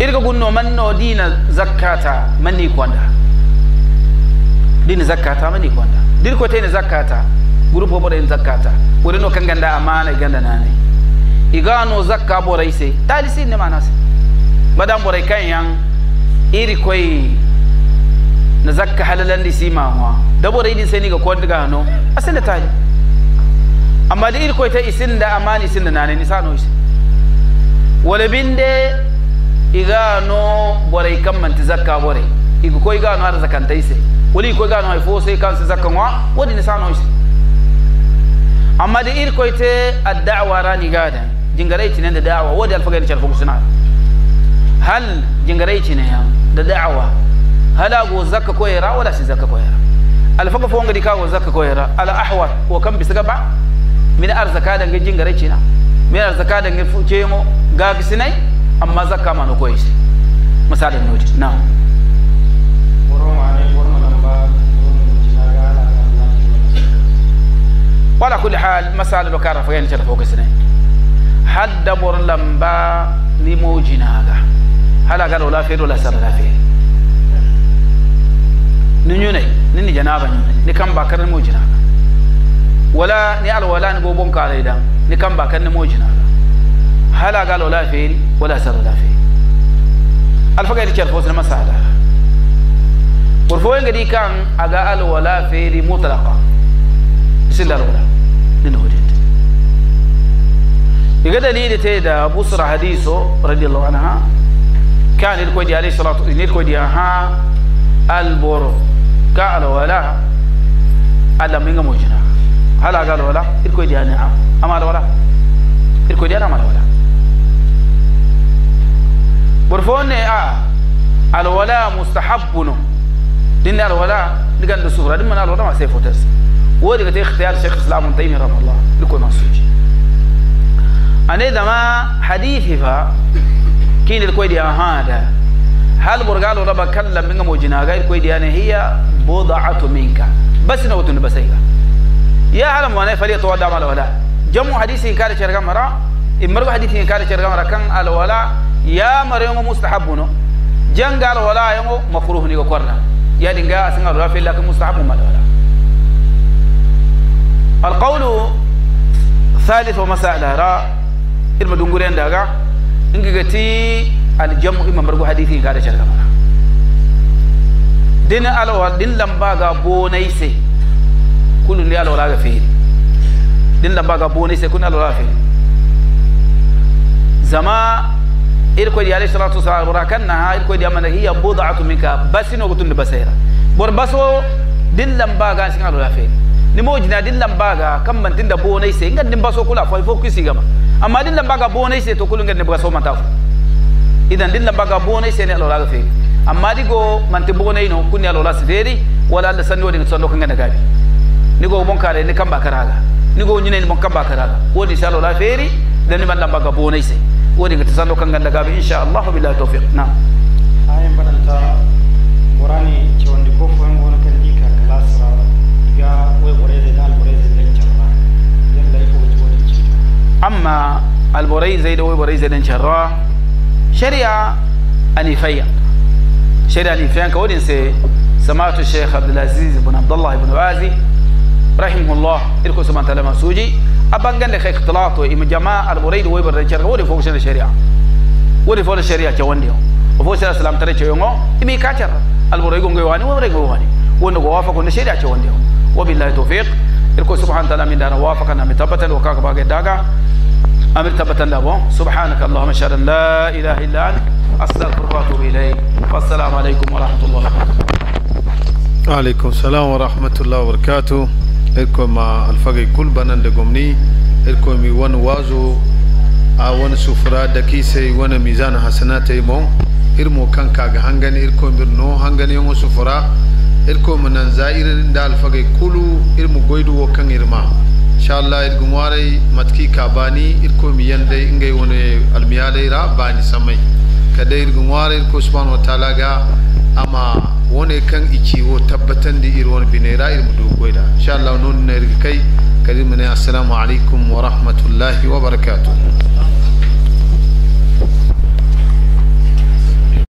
irga gunno no dina zakkata manni konda dina man manni konda dir ko tene zakata grupo bo den zakata wode no kan ganda amana ganda nani igano zakka bo raise talisi ne se? madam bo kan yan iri koi na zakka halalan di sima ho da bo raidin sai ni ga ko ga no asin da tali amma da iri koi ta isin da amani sin da nani ni sano shi wala binde iga no bore kan ti zakka bore iga ko iga no ar zakanta taise wali ko iga no ay fo sai kan se zakka wa wodi ni sano ise amma da ir ko ite ad-da'wa rani gada jingarai ci da da'wa wodi al ni charfu suna hal jingarai ci ne da da'wa hala go zakka ko yara wala si zakka ko yara faga fo ngadi ka go zakka ko yara al ahwar wa kan bisaga ba min arzaka da ngi jingarai ci na min arzaka da ngafu cemo ga gisinai amma zakka ma no koy si misalin nodi na wala kulli hal masala lo kara fa yani tala fokus ne hadda bor lamba ni mojinaga hala gara wala fe wala sar fe ni nyune ni ni janaba nyune ni kan ba kan mojinaga wala ni alwala ni bobon kare da ni kan ba kan mojinaga هلا قالوا لا فيل ولا سر لا فيل الفقه اللي كيرفوز المسألة ورفوين قدي كان أقال ولا فيل مطلقة بسم الله الأولى جد يقول دليل تيدا بصر حديثه رضي الله عنها كان دي عليه الصلاة والسلام دي ها البر قال ولا ألا من موجنا هلا قال ولا دي نعم أمال ولا دي أنا أمال ولا برفون آه الولاء مستحب دين الولاء لقد السفرة دين من الولاء ما سيفو ترس ودي قتي اختيار شيخ الإسلام ابن تيمية رحمه الله لكون نصوجي أنا إذا ما حديثي فا كين الكويدي آه، هذا هل برقال ربا كلم منك موجنا غير كويدي أنا هي بضعة منك بس نوتن بسيئة يا عالم وانا فريق توضع على الولاء جمع حديثي كاري شرقا مرا حديثي كاري شرقا كان الولاء ya marengo mustahabu no jangal wala yango makruh ni ko korna ya dinga singa rafi filla ko mustahabu ma wala al qawlu thalith wa masala ra irma dunguren daga ingi gati al jam'u imam bargo hadithi ga da sharka din al wa din lamba ga bonaise se kullu ni al wala ga fi din lamba ga bonaise kun al wala fi zama irkoyɗi alayhi salatu wasalam wora kannaha di amana hiya budatu minka basino ko tunde basayra bor baso din dillan baga do lafe ni mo jina din dillan baga kam man tinda bo nay se ngan dim baso kula foy fof kisigama amma din dillan baga nay se to kulu ngen ne baga somanta fo idan din dillan baga nay se ne lo lafe amma di go man bo nay no kunni lo si feeri wala allah sanni wodi sanno ko ngana gabi ni go bon kare ni kamba karaga nigo ñinani bon kamba karaga woni si alola dan ni man ɗan baga nay se ودي قتصلو كان عندك أبي إن شاء الله بلا توفيق نعم أيام بنتا وراني جوان دي كوفو هم وانا كان ديكا كلاس را ديكا وي بوريزة دال بوريزة دين شرا دين لايكو بجوان دي أما البوريزة دي وي بوريزة دين شرا شريعة أني فيا شريعة أني فيا كودين سي سمعت الشيخ عبد العزيز بن عبد الله بن عازي رحمه الله إلكو سمعت لما سوجي أبان جن لخ اختلاط وإما جماعة المريد ويبر رجال ودي فوق سنة الشريعة ودي فوق الشريعة جوانديو وفوق سنة السلام ترى جوانو إمي كاتر المريد قوي واني ومريد قوي واني ونقو وافق الشريعة جوانديو وبالله توفيق إلكو سبحانه وتعالى من دانا وافقنا متبتا وكاك باقي داقا أمر تبتا لابو سبحانك اللهم شهد لا إله إلا أنت أستغفرك وأتوب إليك والسلام عليكم ورحمة الله وبركاته وعليكم السلام ورحمة الله وبركاته irko ma alfagay kul banan da gomni irko mi wani wazo a wani sufura da kisai wani mizan hasana ta yi mon irmo kan kaga hangani irko mi no hangani yawan sufura irko mu nan za irin da alfagay kulu irmu goidu wa kan irma insha Allah irgun warai matki ka bani irko mi yandai ingai wani almiyalai ra bani samai kadai irgun warai irko subhanahu wa ta'ala ga amma wani kan ikiwo tabbatar da irwon mu irmu dogoida insha Allah na kai rikai karimu ne assalamu alaikum wa rahmatullahi wa barakatuh